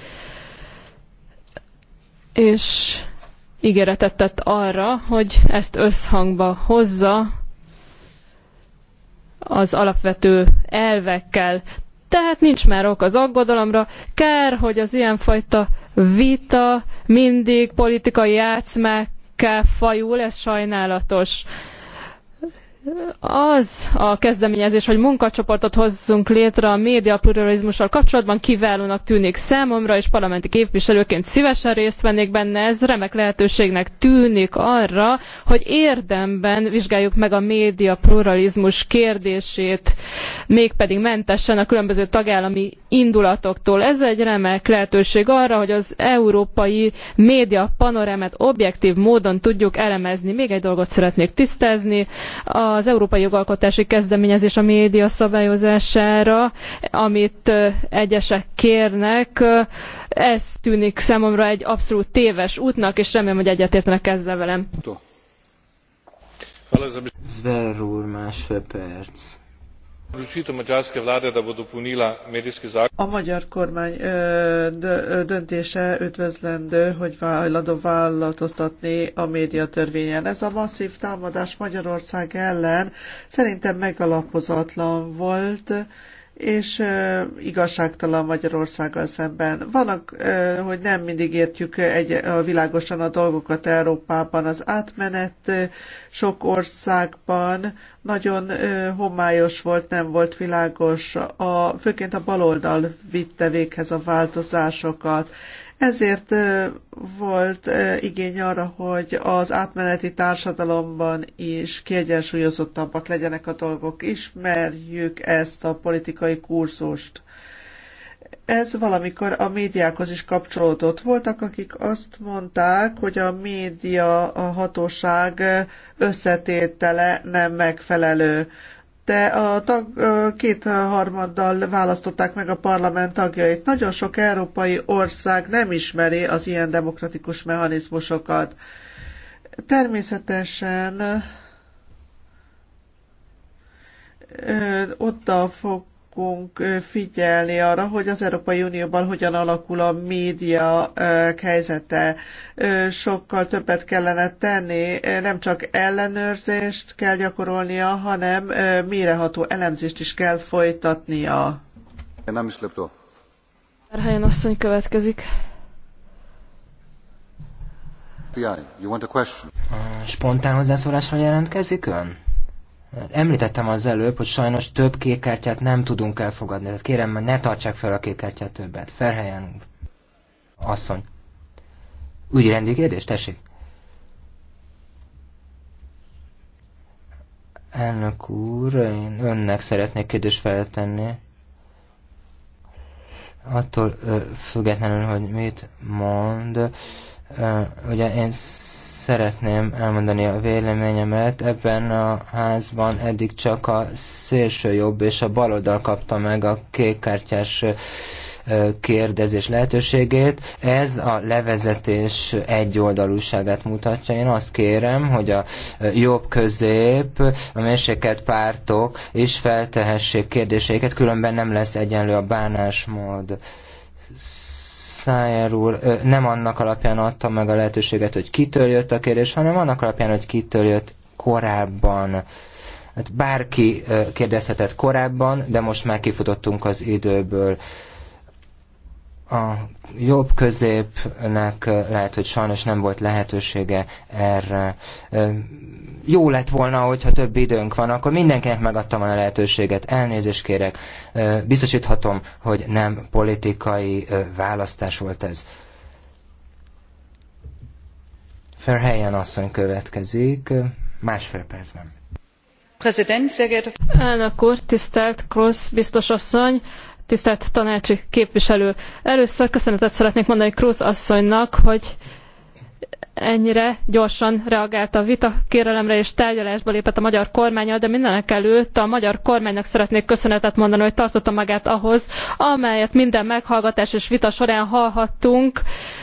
és ígéretet tett arra, hogy ezt összhangba hozza az alapvető elvekkel. Tehát nincs már ok az aggodalomra. Kár, hogy az ilyenfajta vita mindig politikai játszmákká fajul, ez sajnálatos az a kezdeményezés, hogy munkacsoportot hozzunk létre a média pluralizmussal kapcsolatban kiválónak tűnik számomra, és parlamenti képviselőként szívesen részt vennék benne. Ez remek lehetőségnek tűnik arra, hogy érdemben vizsgáljuk meg a média pluralizmus kérdését, mégpedig mentesen a különböző tagállami indulatoktól. Ez egy remek lehetőség arra, hogy az európai média panorámát objektív módon tudjuk elemezni. Még egy dolgot szeretnék tisztázni. A az európai jogalkotási kezdeményezés a média szabályozására, amit egyesek kérnek, ez tűnik számomra egy abszolút téves útnak, és remélem, hogy egyetértenek ezzel velem. Zver úr, másfél perc. A magyar kormány döntése üdvözlendő, hogy hajlandó változtatni a médiatörvényen. Ez a masszív támadás Magyarország ellen szerintem megalapozatlan volt, és igazságtalan Magyarországgal szemben. Vannak, hogy nem mindig értjük egy, világosan a dolgokat Európában. Az átmenet sok országban nagyon homályos volt, nem volt világos. A, főként a baloldal vitte véghez a változásokat. Ezért volt igény arra, hogy az átmeneti társadalomban is kiegyensúlyozottabbak legyenek a dolgok. Ismerjük ezt a politikai kurzust. Ez valamikor a médiákhoz is kapcsolódott. Voltak, akik azt mondták, hogy a média a hatóság összetétele nem megfelelő de a tag, két-harmaddal választották meg a parlament tagjait. Nagyon sok európai ország nem ismeri az ilyen demokratikus mechanizmusokat. Természetesen a fog fogunk figyelni arra, hogy az Európai Unióban hogyan alakul a média helyzete. Sokkal többet kellene tenni, nem csak ellenőrzést kell gyakorolnia, hanem méreható elemzést is kell folytatnia. Nem is lepto. Erhelyen asszony következik. Spontán hozzászólásra jelentkezik ön? Említettem az előbb, hogy sajnos több kékkártyát nem tudunk elfogadni, tehát kérem, ne tartsák fel a kékkártyát többet. Felhelyen, asszony. Úgy rendi kérdés, tessék. Elnök úr, én önnek szeretnék kérdést feltenni. Attól ö, függetlenül, hogy mit mond, ö, ugye én szeretném elmondani a véleményemet. Ebben a házban eddig csak a szélső jobb és a baloldal kapta meg a kékkártyás kérdezés lehetőségét. Ez a levezetés egyoldalúságát mutatja. Én azt kérem, hogy a jobb-közép, a mérsékelt pártok is feltehessék kérdéseiket, különben nem lesz egyenlő a bánásmód. Szájer úr nem annak alapján adta meg a lehetőséget, hogy kitől jött a kérdés, hanem annak alapján, hogy kitől jött korábban. Hát bárki kérdezhetett korábban, de most már kifutottunk az időből. A jobb középnek lehet, hogy sajnos nem volt lehetősége erre jó lett volna, hogyha több időnk van, akkor mindenkinek megadtam a lehetőséget. Elnézést kérek, biztosíthatom, hogy nem politikai választás volt ez. Ferhelyen asszony következik, másfél percben. Elnök úr, tisztelt Krosz biztos asszony, tisztelt tanácsi képviselő. Először köszönetet szeretnék mondani Krosz asszonynak, hogy ennyire gyorsan reagált a vita kérelemre és tárgyalásba lépett a magyar kormányal, de mindenek előtt a magyar kormánynak szeretnék köszönetet mondani, hogy tartotta magát ahhoz, amelyet minden meghallgatás és vita során hallhattunk,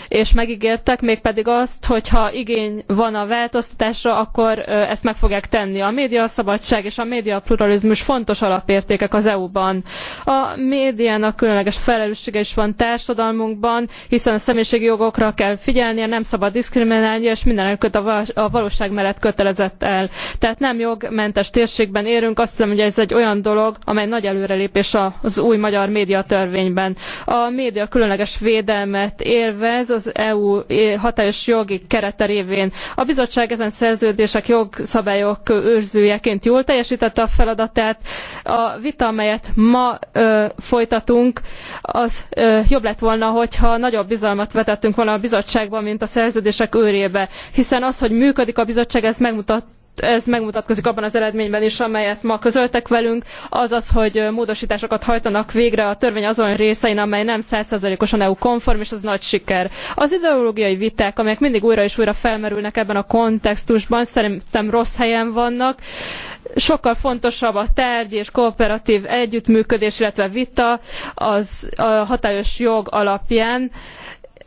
és megígértek, mégpedig azt, hogy ha igény van a változtatásra, akkor ezt meg fogják tenni. A média szabadság és a média pluralizmus fontos alapértékek az EU-ban. A médiának különleges felelőssége is van társadalmunkban, hiszen a személyiségi jogokra kell figyelnie, nem szabad diszkriminálni, ellenállnia, és mindenekült a valóság mellett kötelezett el. Tehát nem jogmentes térségben érünk, azt hiszem, hogy ez egy olyan dolog, amely nagy előrelépés az új magyar médiatörvényben. A média különleges védelmet élvez az EU hatályos jogi kerete révén. A bizottság ezen szerződések jogszabályok őrzőjeként jól teljesítette a feladatát. A vita, amelyet ma ö, folytatunk, az ö, jobb lett volna, hogyha nagyobb bizalmat vetettünk volna a bizottságban, mint a szerződések őri körébe, hiszen az, hogy működik a bizottság, ez megmutat ez megmutatkozik abban az eredményben is, amelyet ma közöltek velünk, azaz, hogy módosításokat hajtanak végre a törvény azon részein, amely nem 100%-osan EU-konform, és ez nagy siker. Az ideológiai viták, amelyek mindig újra és újra felmerülnek ebben a kontextusban, szerintem rossz helyen vannak. Sokkal fontosabb a tárgy és kooperatív együttműködés, illetve vita az a hatályos jog alapján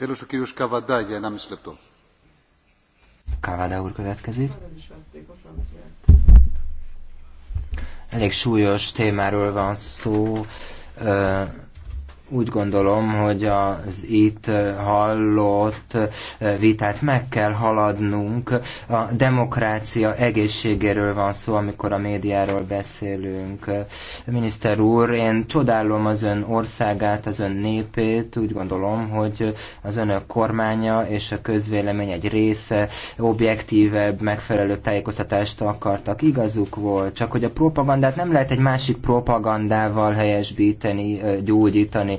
Τέλος ο κύριος Καβαντά για 1,5 λεπτό. úr következik. Elég súlyos témáról van szó úgy gondolom, hogy az itt hallott vitát meg kell haladnunk. A demokrácia egészségéről van szó, amikor a médiáról beszélünk. Miniszter úr, én csodálom az ön országát, az ön népét. Úgy gondolom, hogy az önök kormánya és a közvélemény egy része objektívebb, megfelelő tájékoztatást akartak. Igazuk volt, csak hogy a propagandát nem lehet egy másik propagandával helyesbíteni, gyógyítani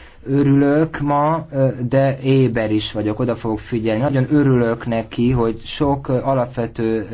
örülök ma, de éber is vagyok, oda fogok figyelni. Nagyon örülök neki, hogy sok alapvető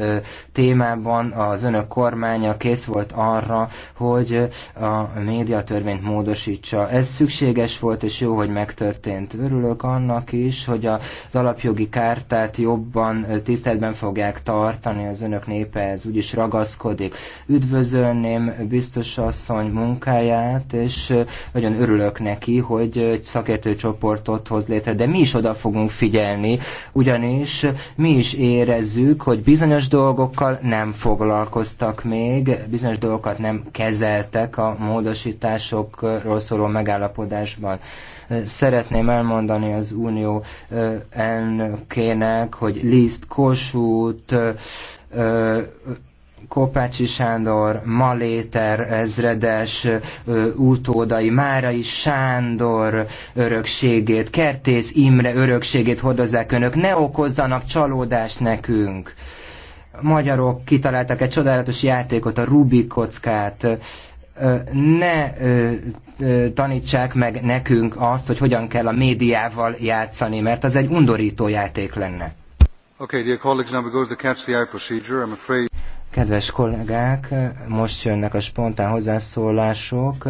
témában az önök kormánya kész volt arra, hogy a médiatörvényt módosítsa. Ez szükséges volt, és jó, hogy megtörtént. Örülök annak is, hogy az alapjogi kártát jobban tiszteletben fogják tartani, az önök népe ez úgyis ragaszkodik. Üdvözölném biztos asszony munkáját, és nagyon örülök neki, hogy egy szakértőcsoportot hoz létre, de mi is oda fogunk figyelni, ugyanis mi is érezzük, hogy bizonyos dolgokkal nem foglalkoztak még, bizonyos dolgokat nem kezeltek a módosításokról szóló megállapodásban. Szeretném elmondani az Unió elnökének, hogy Liszt, Kossuth, Kopácsi Sándor, Maléter ezredes utódai, Márai Sándor örökségét, Kertész Imre örökségét hordozzák önök. Ne okozzanak csalódást nekünk! Magyarok kitaláltak egy csodálatos játékot, a Rubik kockát. Ne tanítsák meg nekünk azt, hogy hogyan kell a médiával játszani, mert az egy undorító játék lenne. Okay, dear colleagues, now we go to the catch the eye procedure. I'm afraid Kedves kollégák, most jönnek a spontán hozzászólások.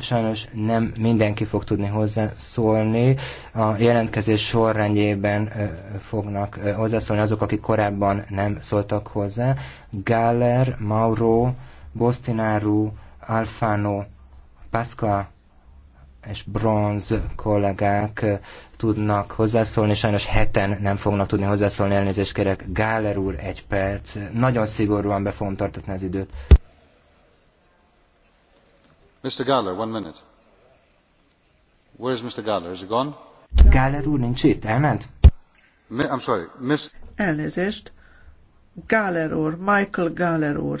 Sajnos nem mindenki fog tudni hozzászólni. A jelentkezés sorrendjében fognak hozzászólni azok, akik korábban nem szóltak hozzá. Galler, Mauro, Bostinaru, Alfano, Pasqua, és bronz kollégák tudnak hozzászólni, sajnos heten nem fognak tudni hozzászólni, elnézést kérek. Gáler úr, egy perc. Nagyon szigorúan be fogom tartatni az időt. Mr. Gáler, one minute. Where is Mr. Gáler? Is he gone? Gáler úr nincs itt, elment? I'm sorry, Miss... Elnézést. Gáler úr, Michael Gáler úr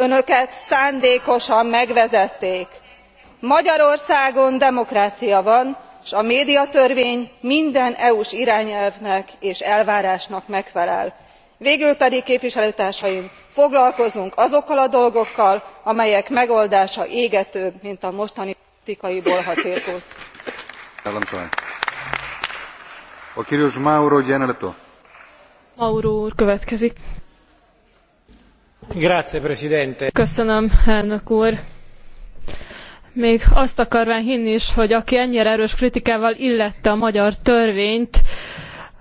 önöket szándékosan megvezették. magyarországon demokrácia van s a médiatörvény minden eu s irányelvnek és elvárásnak megfelel. végül pedig képviselőtársaim foglalkozzunk azokkal a dolgokkal amelyek megoldása égetőbb mint a mostani politikai bolhacirkusz. következik. Köszönöm, elnök úr. Még azt akarván hinni is, hogy aki ennyire erős kritikával illette a magyar törvényt,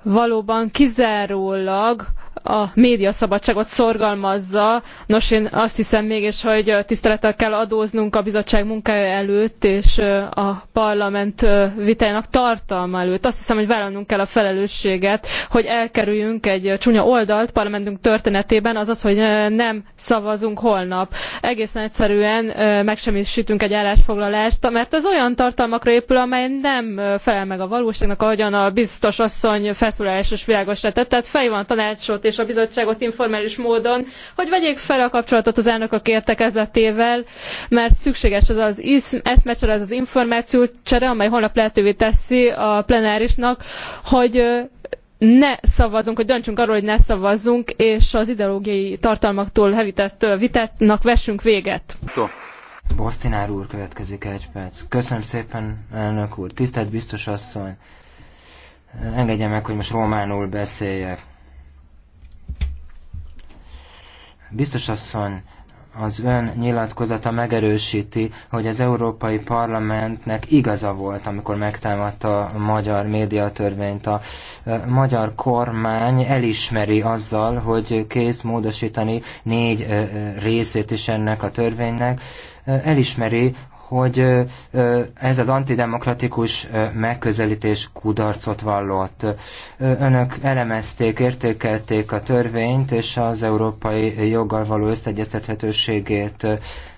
valóban kizárólag a médiaszabadságot szorgalmazza. Nos, én azt hiszem mégis, hogy tisztelettel kell adóznunk a bizottság munkája előtt és a parlament vitájának tartalma előtt. Azt hiszem, hogy vállalnunk kell a felelősséget, hogy elkerüljünk egy csúnya oldalt parlamentünk történetében, azaz, hogy nem szavazunk holnap. Egészen egyszerűen megsemmisítünk egy állásfoglalást, mert az olyan tartalmakra épül, amely nem felel meg a valóságnak, ahogyan a biztos asszony felszólalás és világosra tett. Tehát fej van tanácsot és a bizottságot informális módon, hogy vegyék fel a kapcsolatot az elnökök értekezletével, mert szükséges az az eszmecsere, az az információcsere, amely holnap lehetővé teszi a plenárisnak, hogy ne szavazzunk, hogy döntsünk arról, hogy ne szavazzunk, és az ideológiai tartalmaktól hevített vitának vessünk véget. Bosztinár úr következik egy perc. Köszönöm szépen, elnök úr. Tisztelt biztos asszony. Engedje meg, hogy most románul beszéljek. Biztos asszony, az ön nyilatkozata megerősíti, hogy az Európai Parlamentnek igaza volt, amikor megtámadta a magyar médiatörvényt. A magyar kormány elismeri azzal, hogy kész módosítani négy részét is ennek a törvénynek, elismeri, hogy ez az antidemokratikus megközelítés kudarcot vallott. Önök elemezték, értékelték a törvényt és az európai joggal való összeegyeztethetőségét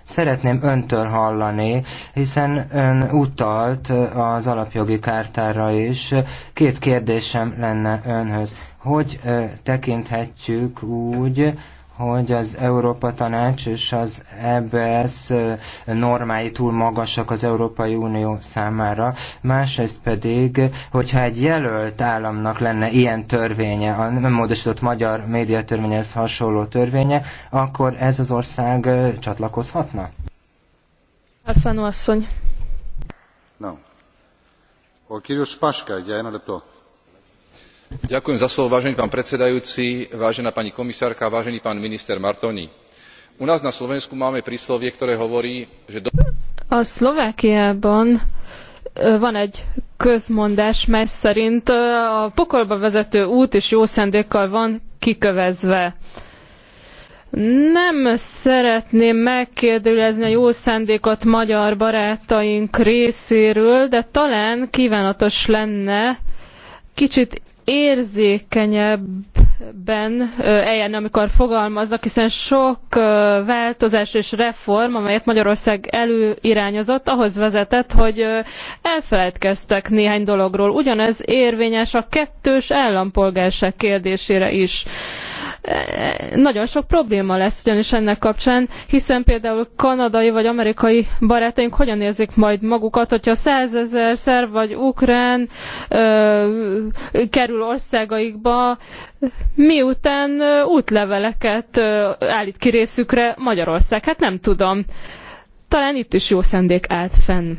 szeretném öntől hallani, hiszen ön utalt az alapjogi kártára is. Két kérdésem lenne önhöz. Hogy tekinthetjük úgy, hogy az Európa Tanács és az EBS normái túl magasak az Európai Unió számára, másrészt pedig, hogyha egy jelölt államnak lenne ilyen törvénye, a nem módosított magyar médiatörvényhez hasonló törvénye, akkor ez az ország csatlakozhatna? Alfano asszony. No. O Páska, egy lepto u nás na slovensku máme príslovie ktoré hovorí že. a szlovákiában e, van egy közmondás mely szerint e, a pokolba vezető út is jó szándékkal van kikövezve. Nem szeretném megkérdőjelezni a jó szándékot magyar barátaink részéről, de talán kvánatos lenne kicsit érzékenyebben eljárni, amikor fogalmaznak, hiszen sok változás és reform, amelyet Magyarország előirányozott, ahhoz vezetett, hogy elfeledkeztek néhány dologról. Ugyanez érvényes a kettős állampolgárság kérdésére is nagyon sok probléma lesz ugyanis ennek kapcsán, hiszen például kanadai vagy amerikai barátaink hogyan érzik majd magukat, hogyha százezer szerb vagy ukrán ö, kerül országaikba, miután útleveleket ö, állít ki részükre Magyarország. Hát nem tudom. Talán itt is jó szendék állt fenn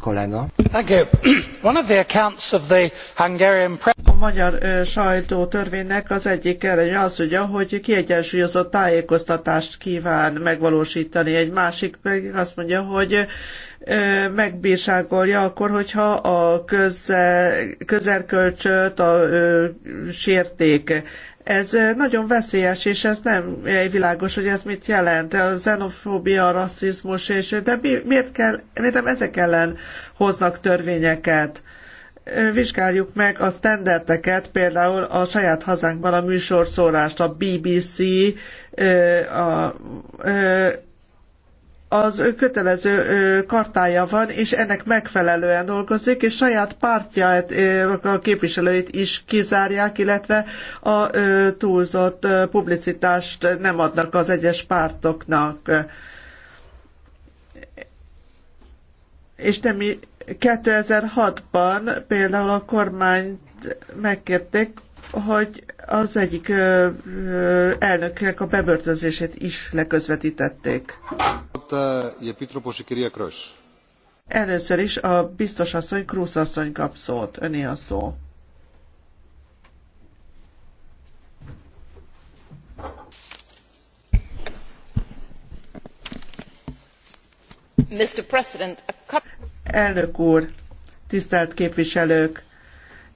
kollega. A magyar ö, sajtó törvénynek az egyik eredménye az, ugye, hogy kiegyensúlyozott tájékoztatást kíván megvalósítani. Egy másik pedig azt mondja, hogy megbírságolja akkor, hogyha a köz, közerkölcsöt a, ö, sérték. Ez nagyon veszélyes, és ez nem világos, hogy ez mit jelent. A xenofóbia, a rasszizmus, és, de mi, miért, kell, miért nem ezek ellen hoznak törvényeket? Vizsgáljuk meg a standardeket, például a saját hazánkban a műsorszórást, a BBC, a, a, a az kötelező kartája van, és ennek megfelelően dolgozik, és saját pártját, a képviselőit is kizárják, illetve a túlzott publicitást nem adnak az egyes pártoknak. És nem 2006-ban például a kormányt megkérték, hogy az egyik ö, ö, elnöknek a bebörtönzését is leközvetítették. Először is a biztos asszony, Krúz asszony kap szót. Öné a szó. Mr. President, a... Elnök úr, tisztelt képviselők!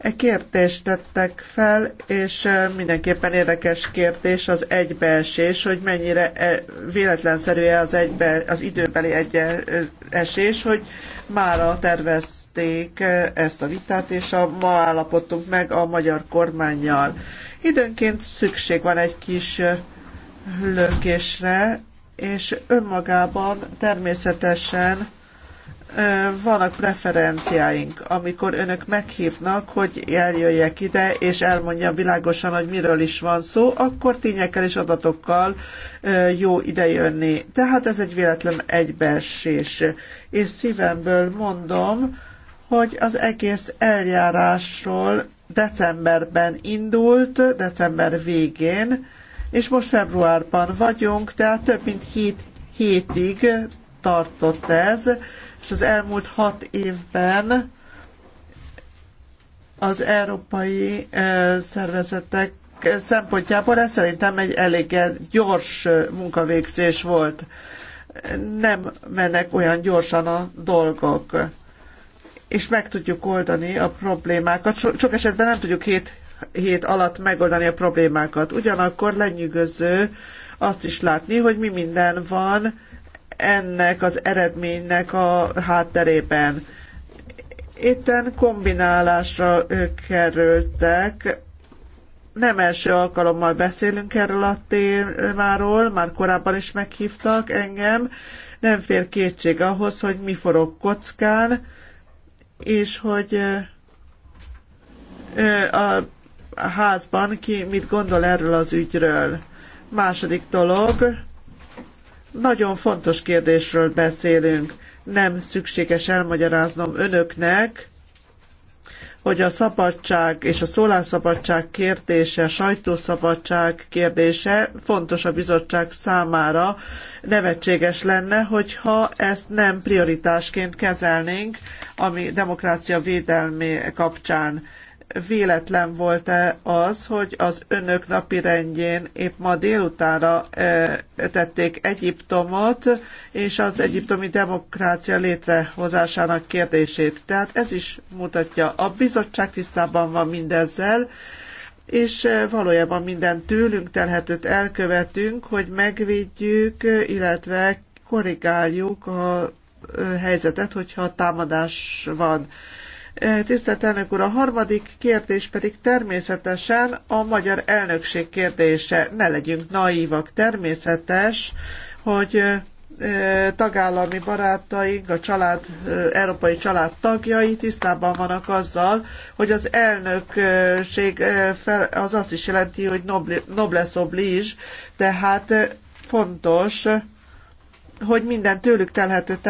E kérdést tettek fel, és mindenképpen érdekes kérdés az egybeesés, hogy mennyire e, véletlenszerű-e az, egybe, az időbeli egybeesés, hogy mára tervezték ezt a vitát, és a, ma állapodtunk meg a magyar kormányjal. Időnként szükség van egy kis lökésre, és önmagában természetesen vannak preferenciáink, amikor önök meghívnak, hogy eljöjjek ide, és elmondjam világosan, hogy miről is van szó, akkor tényekkel és adatokkal jó idejönni. Tehát ez egy véletlen egybeesés. És szívemből mondom, hogy az egész eljárásról decemberben indult, december végén, és most februárban vagyunk, tehát több mint 7 hétig tartott ez, és az elmúlt hat évben az európai eh, szervezetek szempontjából ez szerintem egy elég gyors eh, munkavégzés volt. Nem mennek olyan gyorsan a dolgok, és meg tudjuk oldani a problémákat. Sok esetben nem tudjuk hét hét alatt megoldani a problémákat. Ugyanakkor lenyűgöző azt is látni, hogy mi minden van, ennek az eredménynek a hátterében. Itten kombinálásra ők kerültek. Nem első alkalommal beszélünk erről a témáról, már korábban is meghívtak engem. Nem fér kétség ahhoz, hogy mi forog kockán, és hogy a házban ki mit gondol erről az ügyről. Második dolog, nagyon fontos kérdésről beszélünk. Nem szükséges elmagyaráznom önöknek, hogy a szabadság és a szólásszabadság kérdése, a sajtószabadság kérdése fontos a bizottság számára. Nevetséges lenne, hogyha ezt nem prioritásként kezelnénk, ami demokrácia védelmé kapcsán véletlen volt-e az, hogy az önök napi rendjén épp ma délutánra tették Egyiptomot és az egyiptomi demokrácia létrehozásának kérdését. Tehát ez is mutatja, a bizottság tisztában van mindezzel, és valójában minden tőlünk telhetőt elkövetünk, hogy megvédjük, illetve korrigáljuk a helyzetet, hogyha támadás van. Eh, tisztelt elnök úr, a harmadik kérdés pedig természetesen a magyar elnökség kérdése. Ne legyünk naívak, természetes, hogy eh, tagállami barátaink, a család, eh, európai család tagjai tisztában vannak azzal, hogy az elnökség fel, az azt is jelenti, hogy noblesse oblige, tehát fontos, hogy minden tőlük telhetőt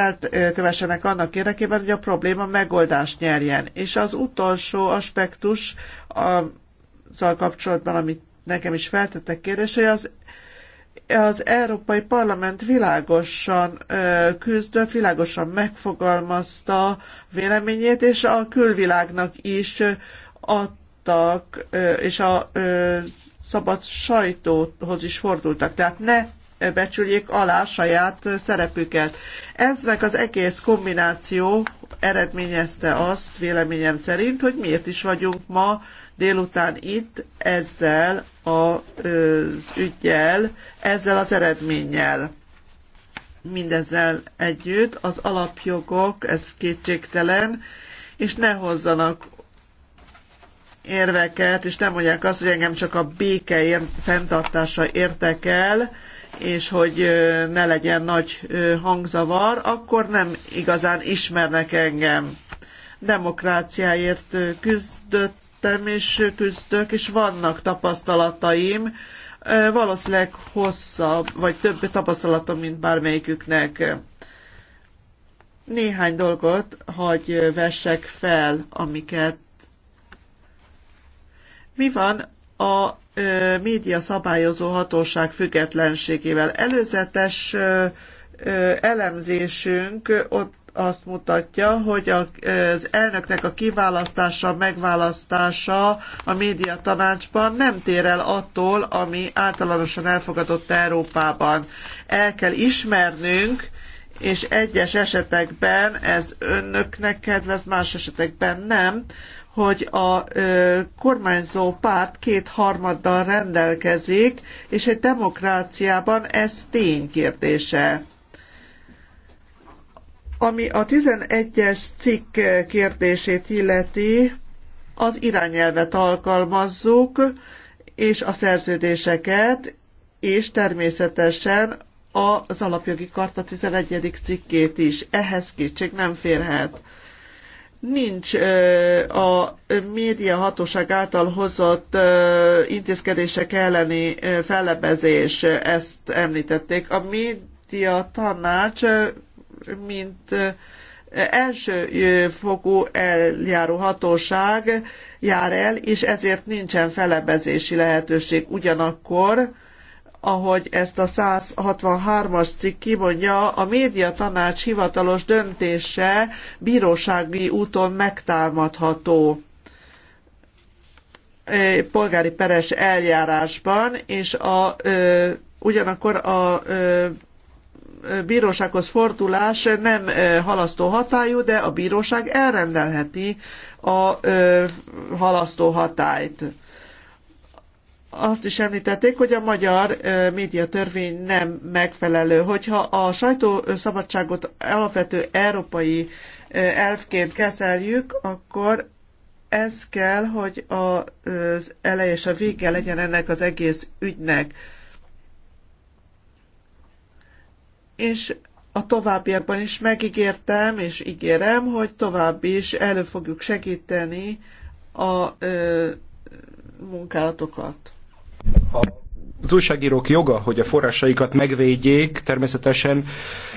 kövessenek annak érdekében, hogy a probléma megoldást nyerjen. És az utolsó aspektus azzal kapcsolatban, amit nekem is feltettek kérdés, hogy az az Európai Parlament világosan ö, küzdött, világosan megfogalmazta véleményét, és a külvilágnak is adtak, ö, és a ö, szabad sajtóhoz is fordultak. Tehát ne becsüljék alá saját szerepüket. Eznek az egész kombináció eredményezte azt, véleményem szerint, hogy miért is vagyunk ma délután itt ezzel az ügyjel, ezzel az eredménnyel. Mindezzel együtt az alapjogok, ez kétségtelen, és ne hozzanak érveket, és nem mondják azt, hogy engem csak a béke fenntartása érdekel, és hogy ne legyen nagy hangzavar, akkor nem igazán ismernek engem. Demokráciáért küzdöttem és küzdök, és vannak tapasztalataim, valószínűleg hosszabb, vagy több tapasztalatom, mint bármelyiküknek. Néhány dolgot hagy vessek fel, amiket mi van a média szabályozó hatóság függetlenségével. Előzetes elemzésünk ott azt mutatja, hogy az elnöknek a kiválasztása, megválasztása a média tanácsban nem tér el attól, ami általánosan elfogadott Európában. El kell ismernünk, és egyes esetekben ez önöknek kedvez, más esetekben nem, hogy a ö, kormányzó párt kétharmaddal rendelkezik, és egy demokráciában ez ténykérdése. Ami a 11-es cikk kérdését illeti, az irányelvet alkalmazzuk, és a szerződéseket, és természetesen az alapjogi karta 11. cikkét is. Ehhez kétség nem férhet nincs a média hatóság által hozott intézkedések elleni fellebezés, ezt említették. A média tanács, mint első fokú eljáró hatóság jár el, és ezért nincsen fellebezési lehetőség. Ugyanakkor ahogy ezt a 163-as cikk kimondja, a médiatanács hivatalos döntése bírósági úton megtámadható polgári peres eljárásban, és a, ö, ugyanakkor a ö, bírósághoz fordulás nem halasztó hatályú, de a bíróság elrendelheti a halasztó hatályt azt is említették, hogy a magyar médiatörvény nem megfelelő. Hogyha a sajtószabadságot alapvető európai elfként kezeljük, akkor ez kell, hogy az eleje és a vége legyen ennek az egész ügynek. És a továbbiakban is megígértem, és ígérem, hogy tovább is elő fogjuk segíteni a munkálatokat. Az újságírók joga, hogy a forrásaikat megvédjék, természetesen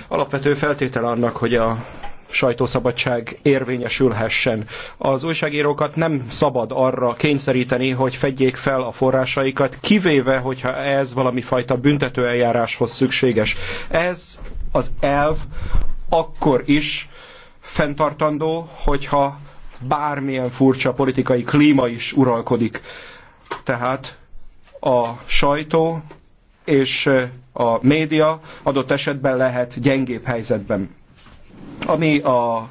alapvető feltétel annak, hogy a sajtószabadság érvényesülhessen. Az újságírókat nem szabad arra kényszeríteni, hogy fedjék fel a forrásaikat, kivéve, hogyha ez valami fajta eljáráshoz szükséges. Ez az elv akkor is fenntartandó, hogyha bármilyen furcsa politikai klíma is uralkodik. Tehát a sajtó és a média adott esetben lehet gyengébb helyzetben. Ami a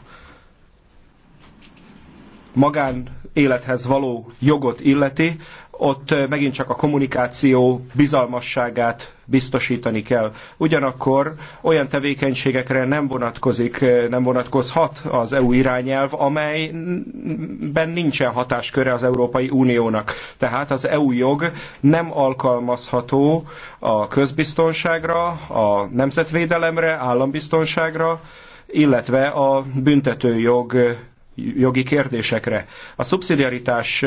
magán élethez való jogot illeti, ott megint csak a kommunikáció bizalmasságát biztosítani kell. Ugyanakkor olyan tevékenységekre nem vonatkozik, nem vonatkozhat az EU irányelv, amelyben nincsen hatásköre az Európai Uniónak. Tehát az EU jog nem alkalmazható a közbiztonságra, a nemzetvédelemre, állambiztonságra, illetve a büntetőjog jogi kérdésekre. A szubszidiaritás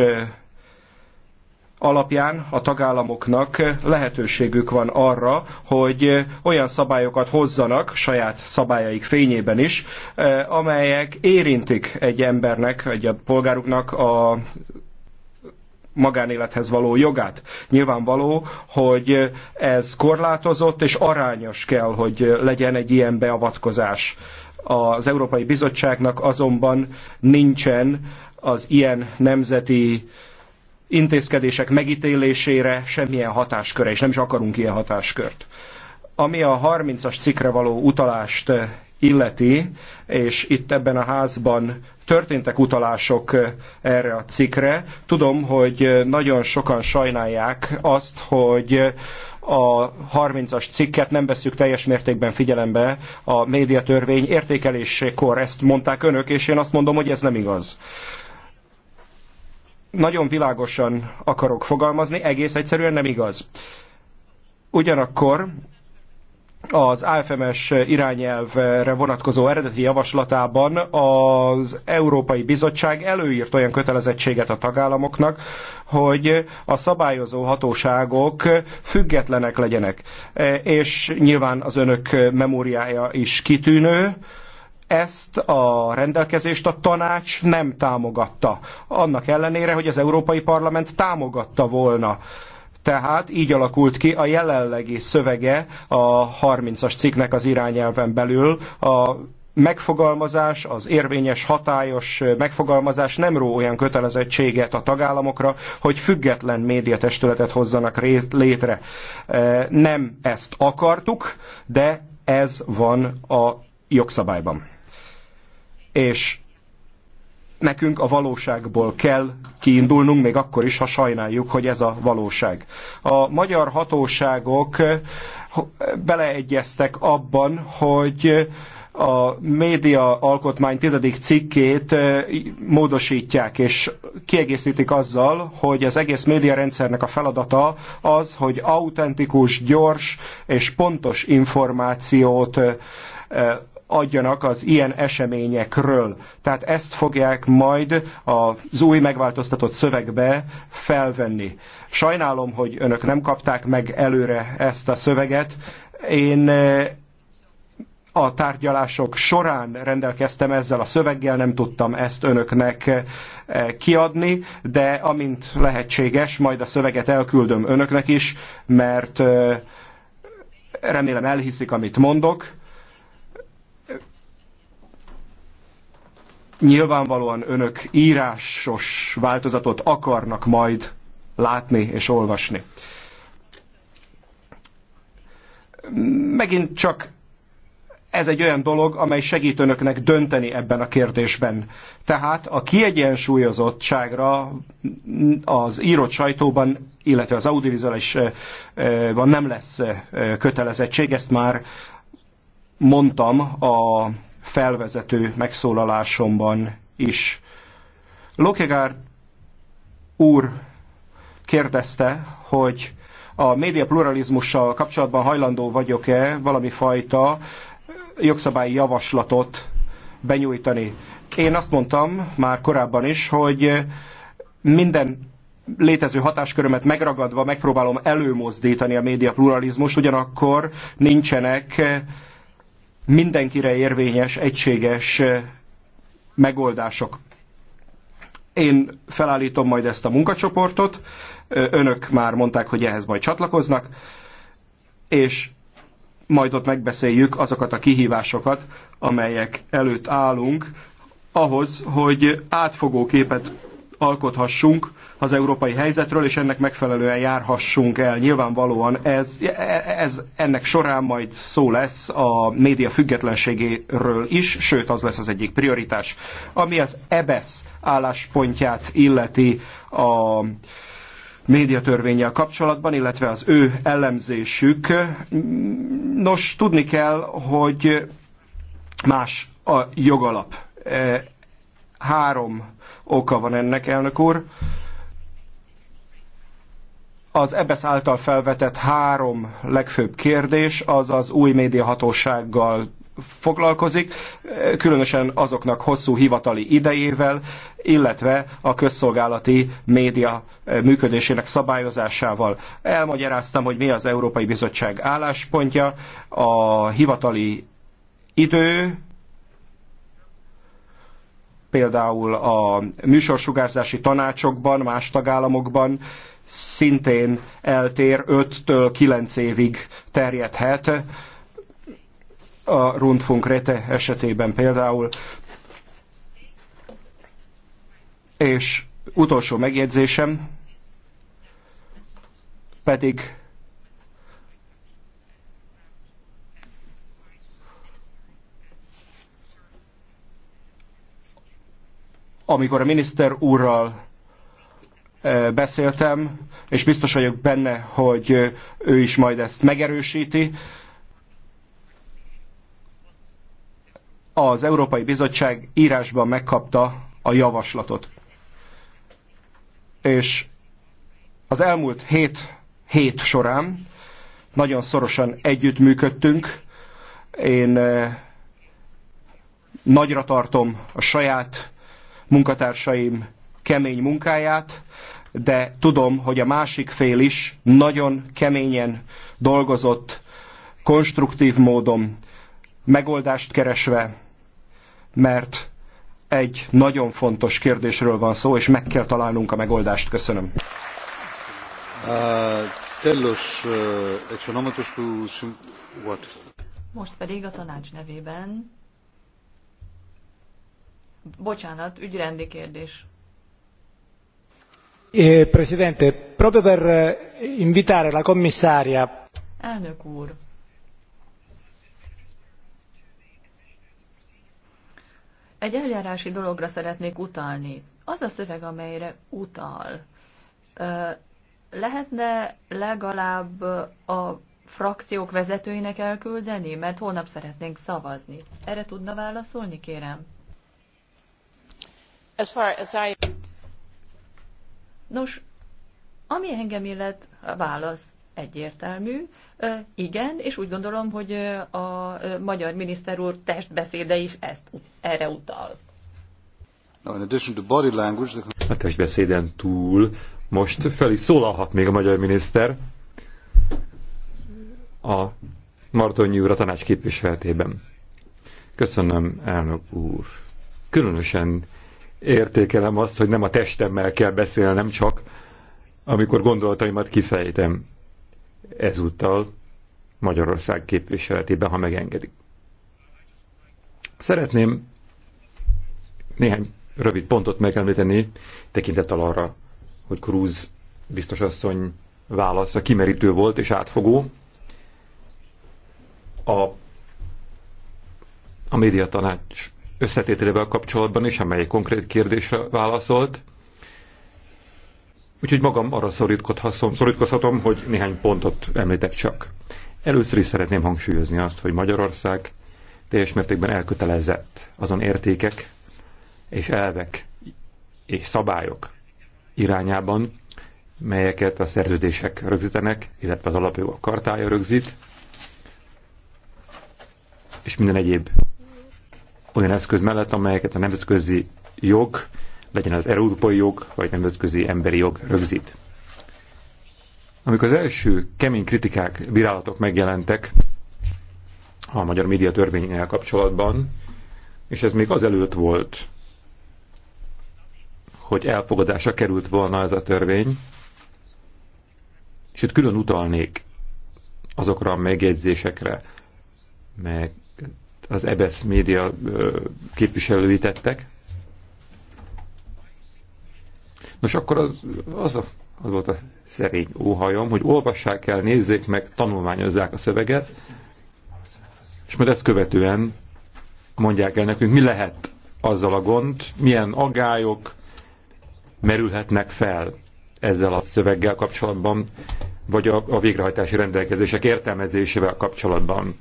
alapján a tagállamoknak lehetőségük van arra, hogy olyan szabályokat hozzanak saját szabályaik fényében is, eh, amelyek érintik egy embernek, egy polgáruknak a magánélethez való jogát. Nyilvánvaló, hogy ez korlátozott és arányos kell, hogy legyen egy ilyen beavatkozás. Az Európai Bizottságnak azonban nincsen az ilyen nemzeti intézkedések megítélésére semmilyen hatásköre, és nem is akarunk ilyen hatáskört. Ami a 30-as cikkre való utalást eh, illeti, és itt ebben a házban történtek utalások eh, erre a cikkre. Tudom, hogy eh, nagyon sokan sajnálják azt, hogy a 30-as cikket nem veszük teljes mértékben figyelembe a médiatörvény értékelésekor. Ezt mondták önök, és én azt mondom, hogy ez nem igaz nagyon világosan akarok fogalmazni, egész egyszerűen nem igaz. Ugyanakkor az AFMS irányelvre vonatkozó eredeti javaslatában az Európai Bizottság előírt olyan kötelezettséget a tagállamoknak, hogy a szabályozó hatóságok függetlenek legyenek. És nyilván az önök memóriája is kitűnő, ezt a rendelkezést a tanács nem támogatta. Annak ellenére, hogy az Európai Parlament támogatta volna. Tehát így alakult ki a jelenlegi szövege a 30-as cikknek az irányelven belül. A megfogalmazás, az érvényes, hatályos megfogalmazás nem ró olyan kötelezettséget a tagállamokra, hogy független médiatestületet hozzanak létre. E, nem ezt akartuk, de ez van a jogszabályban és nekünk a valóságból kell kiindulnunk, még akkor is, ha sajnáljuk, hogy ez a valóság. A magyar hatóságok eh, beleegyeztek abban, hogy a média alkotmány tizedik cikkét eh, módosítják, és kiegészítik azzal, hogy az egész médiarendszernek a feladata az, hogy autentikus, gyors és pontos információt eh, adjanak az ilyen eseményekről. Tehát ezt fogják majd az új megváltoztatott szövegbe felvenni. Sajnálom, hogy önök nem kapták meg előre ezt a szöveget. Én eh, a tárgyalások során rendelkeztem ezzel a szöveggel, nem tudtam ezt önöknek eh, kiadni, de amint lehetséges, majd a szöveget elküldöm önöknek is, mert eh, remélem elhiszik, amit mondok, nyilvánvalóan önök írásos változatot akarnak majd látni és olvasni. Megint csak ez egy olyan dolog, amely segít önöknek dönteni ebben a kérdésben. Tehát a kiegyensúlyozottságra az írott sajtóban, illetve az audiovizuálisban nem lesz kötelezettség, ezt már mondtam a felvezető megszólalásomban is. Lokegár úr kérdezte, hogy a média pluralizmussal kapcsolatban hajlandó vagyok-e valami fajta jogszabályi javaslatot benyújtani. Én azt mondtam már korábban is, hogy minden létező hatáskörömet megragadva megpróbálom előmozdítani a média pluralizmus, ugyanakkor nincsenek mindenkire érvényes, egységes eh, megoldások. Én felállítom majd ezt a munkacsoportot, önök már mondták, hogy ehhez majd csatlakoznak, és majd ott megbeszéljük azokat a kihívásokat, amelyek előtt állunk, ahhoz, hogy átfogó képet alkothassunk az európai helyzetről, és ennek megfelelően járhassunk el. Nyilvánvalóan ez, ez ennek során majd szó lesz a média függetlenségéről is, sőt az lesz az egyik prioritás. Ami az EBESZ álláspontját illeti a médiatörvényel kapcsolatban, illetve az ő elemzésük, Nos, tudni kell, hogy más a jogalap Három oka van ennek, elnök úr. Az EBESZ által felvetett három legfőbb kérdés az az új médiahatósággal foglalkozik, különösen azoknak hosszú hivatali idejével, illetve a közszolgálati média működésének szabályozásával. Elmagyaráztam, hogy mi az Európai Bizottság álláspontja, a hivatali idő például a műsorsugárzási tanácsokban, más tagállamokban szintén eltér 5-től 9 évig terjedhet. A Rundfunk Rete esetében például. És utolsó megjegyzésem pedig amikor a miniszter úrral e, beszéltem, és biztos vagyok benne, hogy e, ő is majd ezt megerősíti, az Európai Bizottság írásban megkapta a javaslatot. És az elmúlt hét hét során nagyon szorosan együttműködtünk. Én e, nagyra tartom a saját munkatársaim kemény munkáját, de tudom, hogy a másik fél is nagyon keményen dolgozott, konstruktív módon, megoldást keresve, mert egy nagyon fontos kérdésről van szó, és meg kell találnunk a megoldást. Köszönöm. Uh, uh, Most pedig a tanács nevében Bocsánat, ügyrendi kérdés. Eh, Presidente, proprio per eh, invitare la commissaria. Elnök úr. Egy eljárási dologra szeretnék utalni. Az a szöveg, amelyre utal. Lehetne legalább a frakciók vezetőinek elküldeni, mert holnap szeretnénk szavazni. Erre tudna válaszolni, kérem? As far as I... Nos, ami engem illet, a válasz egyértelmű. Igen, és úgy gondolom, hogy a magyar miniszter úr testbeszéde is ezt, erre utal. A testbeszéden túl most fel is szólalhat még a magyar miniszter a Martonyi úr a tanács képviseletében. Köszönöm, elnök úr. Különösen értékelem azt, hogy nem a testemmel kell beszélnem csak, amikor gondolataimat kifejtem ezúttal Magyarország képviseletében, ha megengedik. Szeretném néhány rövid pontot megemlíteni, tekintettel arra, hogy Cruz biztos asszony válasza kimerítő volt és átfogó. A, a médiatanács összetételével kapcsolatban is, amely konkrét kérdésre válaszolt. Úgyhogy magam arra szorítkozhatom, hogy néhány pontot említek csak. Először is szeretném hangsúlyozni azt, hogy Magyarország teljes mértékben elkötelezett azon értékek és elvek és szabályok irányában, melyeket a szerződések rögzítenek, illetve az alapjogok kartája rögzít, és minden egyéb olyan eszköz mellett, amelyeket a nemzetközi jog, legyen az európai jog, vagy nemzetközi emberi jog rögzít. Amikor az első kemény kritikák, bírálatok megjelentek a magyar média törvényel kapcsolatban, és ez még azelőtt volt, hogy elfogadásra került volna ez a törvény, és itt külön utalnék azokra a megjegyzésekre, meg az EBESZ média képviselői tettek. Nos, akkor az, az, a, az volt a szerény óhajom, hogy olvassák el, nézzék meg, tanulmányozzák a szöveget, és majd ezt követően mondják el nekünk, mi lehet azzal a gond, milyen agályok merülhetnek fel ezzel a szöveggel kapcsolatban, vagy a, a végrehajtási rendelkezések értelmezésével kapcsolatban.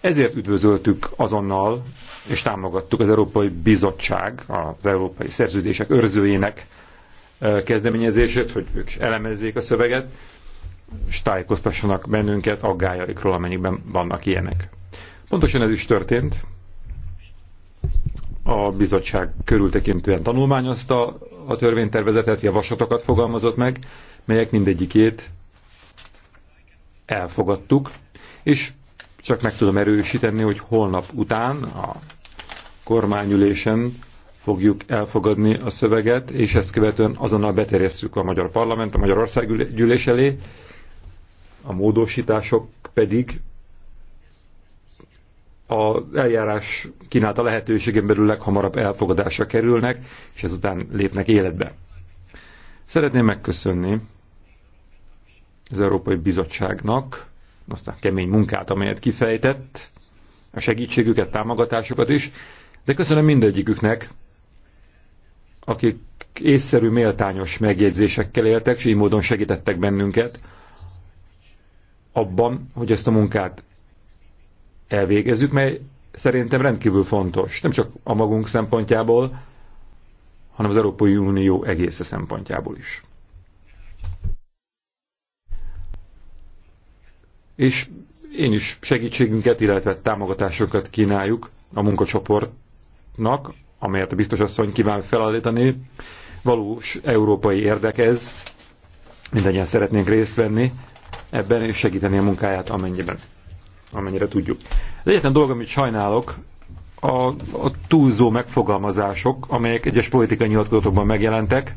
Ezért üdvözöltük azonnal, és támogattuk az Európai Bizottság, az Európai Szerződések őrzőjének kezdeményezését, hogy ők is elemezzék a szöveget, és tájékoztassanak bennünket aggájaikról, amennyiben vannak ilyenek. Pontosan ez is történt. A bizottság körültekintően tanulmányozta a törvénytervezetet, javaslatokat fogalmazott meg, melyek mindegyikét elfogadtuk, és csak meg tudom erősíteni, hogy holnap után a kormányülésen fogjuk elfogadni a szöveget, és ezt követően azonnal beterjesszük a Magyar Parlament, a Magyarország gyűlés elé, a módosítások pedig az eljárás kínálta lehetőségen belül leghamarabb elfogadásra kerülnek, és ezután lépnek életbe. Szeretném megköszönni az Európai Bizottságnak azt a kemény munkát, amelyet kifejtett, a segítségüket, támogatásukat is, de köszönöm mindegyiküknek, akik észszerű, méltányos megjegyzésekkel éltek, és így módon segítettek bennünket abban, hogy ezt a munkát elvégezzük, mely szerintem rendkívül fontos, nem csak a magunk szempontjából, hanem az Európai Unió egész szempontjából is. és én is segítségünket, illetve támogatásokat kínáljuk a munkacsoportnak, amelyet a biztos asszony kíván felállítani. Valós európai érdek ez, mindannyian szeretnénk részt venni ebben, és segíteni a munkáját amennyiben, amennyire tudjuk. Az egyetlen dolog, amit sajnálok, a, a túlzó megfogalmazások, amelyek egyes politikai nyilatkozatokban megjelentek,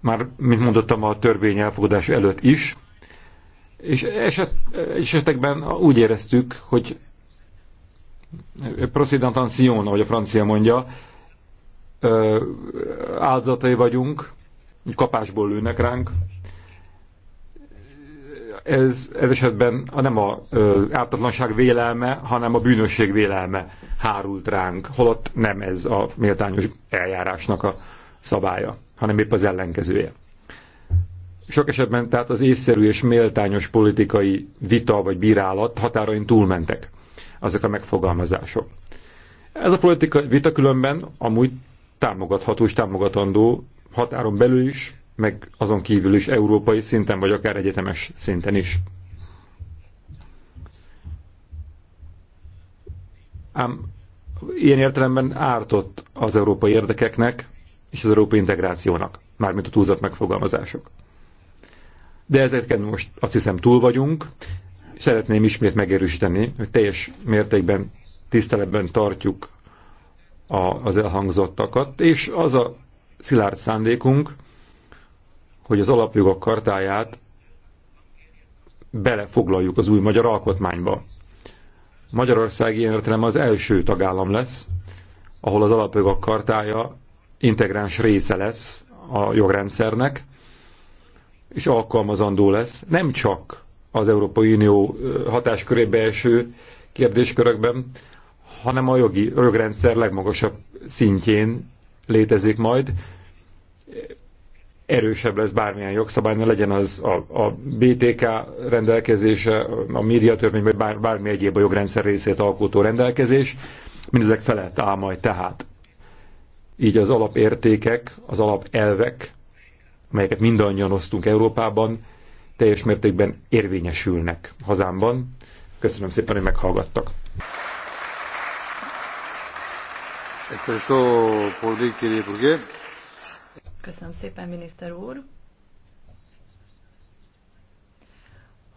már, mint mondottam, a törvény elfogadás előtt is, és eset, esetekben úgy éreztük, hogy Procédant Ancion, ahogy a francia mondja, áldozatai vagyunk, kapásból lőnek ránk. Ez, ez esetben nem a ö, ártatlanság vélelme, hanem a bűnösség vélelme hárult ránk, holott nem ez a méltányos eljárásnak a szabálya, hanem épp az ellenkezője sok esetben tehát az észszerű és méltányos politikai vita vagy bírálat határain túlmentek ezek a megfogalmazások. Ez a politikai vita különben amúgy támogatható és támogatandó határon belül is, meg azon kívül is európai szinten, vagy akár egyetemes szinten is. Ám ilyen értelemben ártott az európai érdekeknek és az európai integrációnak, mármint a túlzott megfogalmazások. De ezeken most azt hiszem túl vagyunk. Szeretném ismét megerősíteni, hogy teljes mértékben tiszteletben tartjuk a, az elhangzottakat, és az a szilárd szándékunk, hogy az alapjogok kartáját belefoglaljuk az új magyar alkotmányba. Magyarország ilyen értelem az első tagállam lesz, ahol az alapjogok kartája integráns része lesz a jogrendszernek, és alkalmazandó lesz, nem csak az Európai Unió hatáskörébe eső kérdéskörökben, hanem a jogi, jogrendszer legmagasabb szintjén létezik majd. Erősebb lesz bármilyen ne legyen az a, a BTK rendelkezése, a törvény, vagy bár, bármi egyéb a jogrendszer részét alkotó rendelkezés. Mindezek felett áll majd tehát. Így az alapértékek, az alapelvek melyeket mindannyian osztunk Európában, teljes mértékben érvényesülnek hazámban. Köszönöm szépen, hogy meghallgattak. Köszönöm szépen, miniszter úr.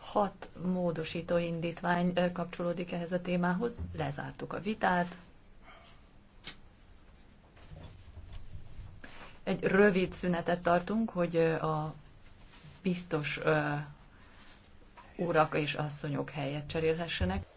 Hat módosító indítvány kapcsolódik ehhez a témához. Lezártuk a vitát. Egy rövid szünetet tartunk, hogy a biztos urak és asszonyok helyet cserélhessenek.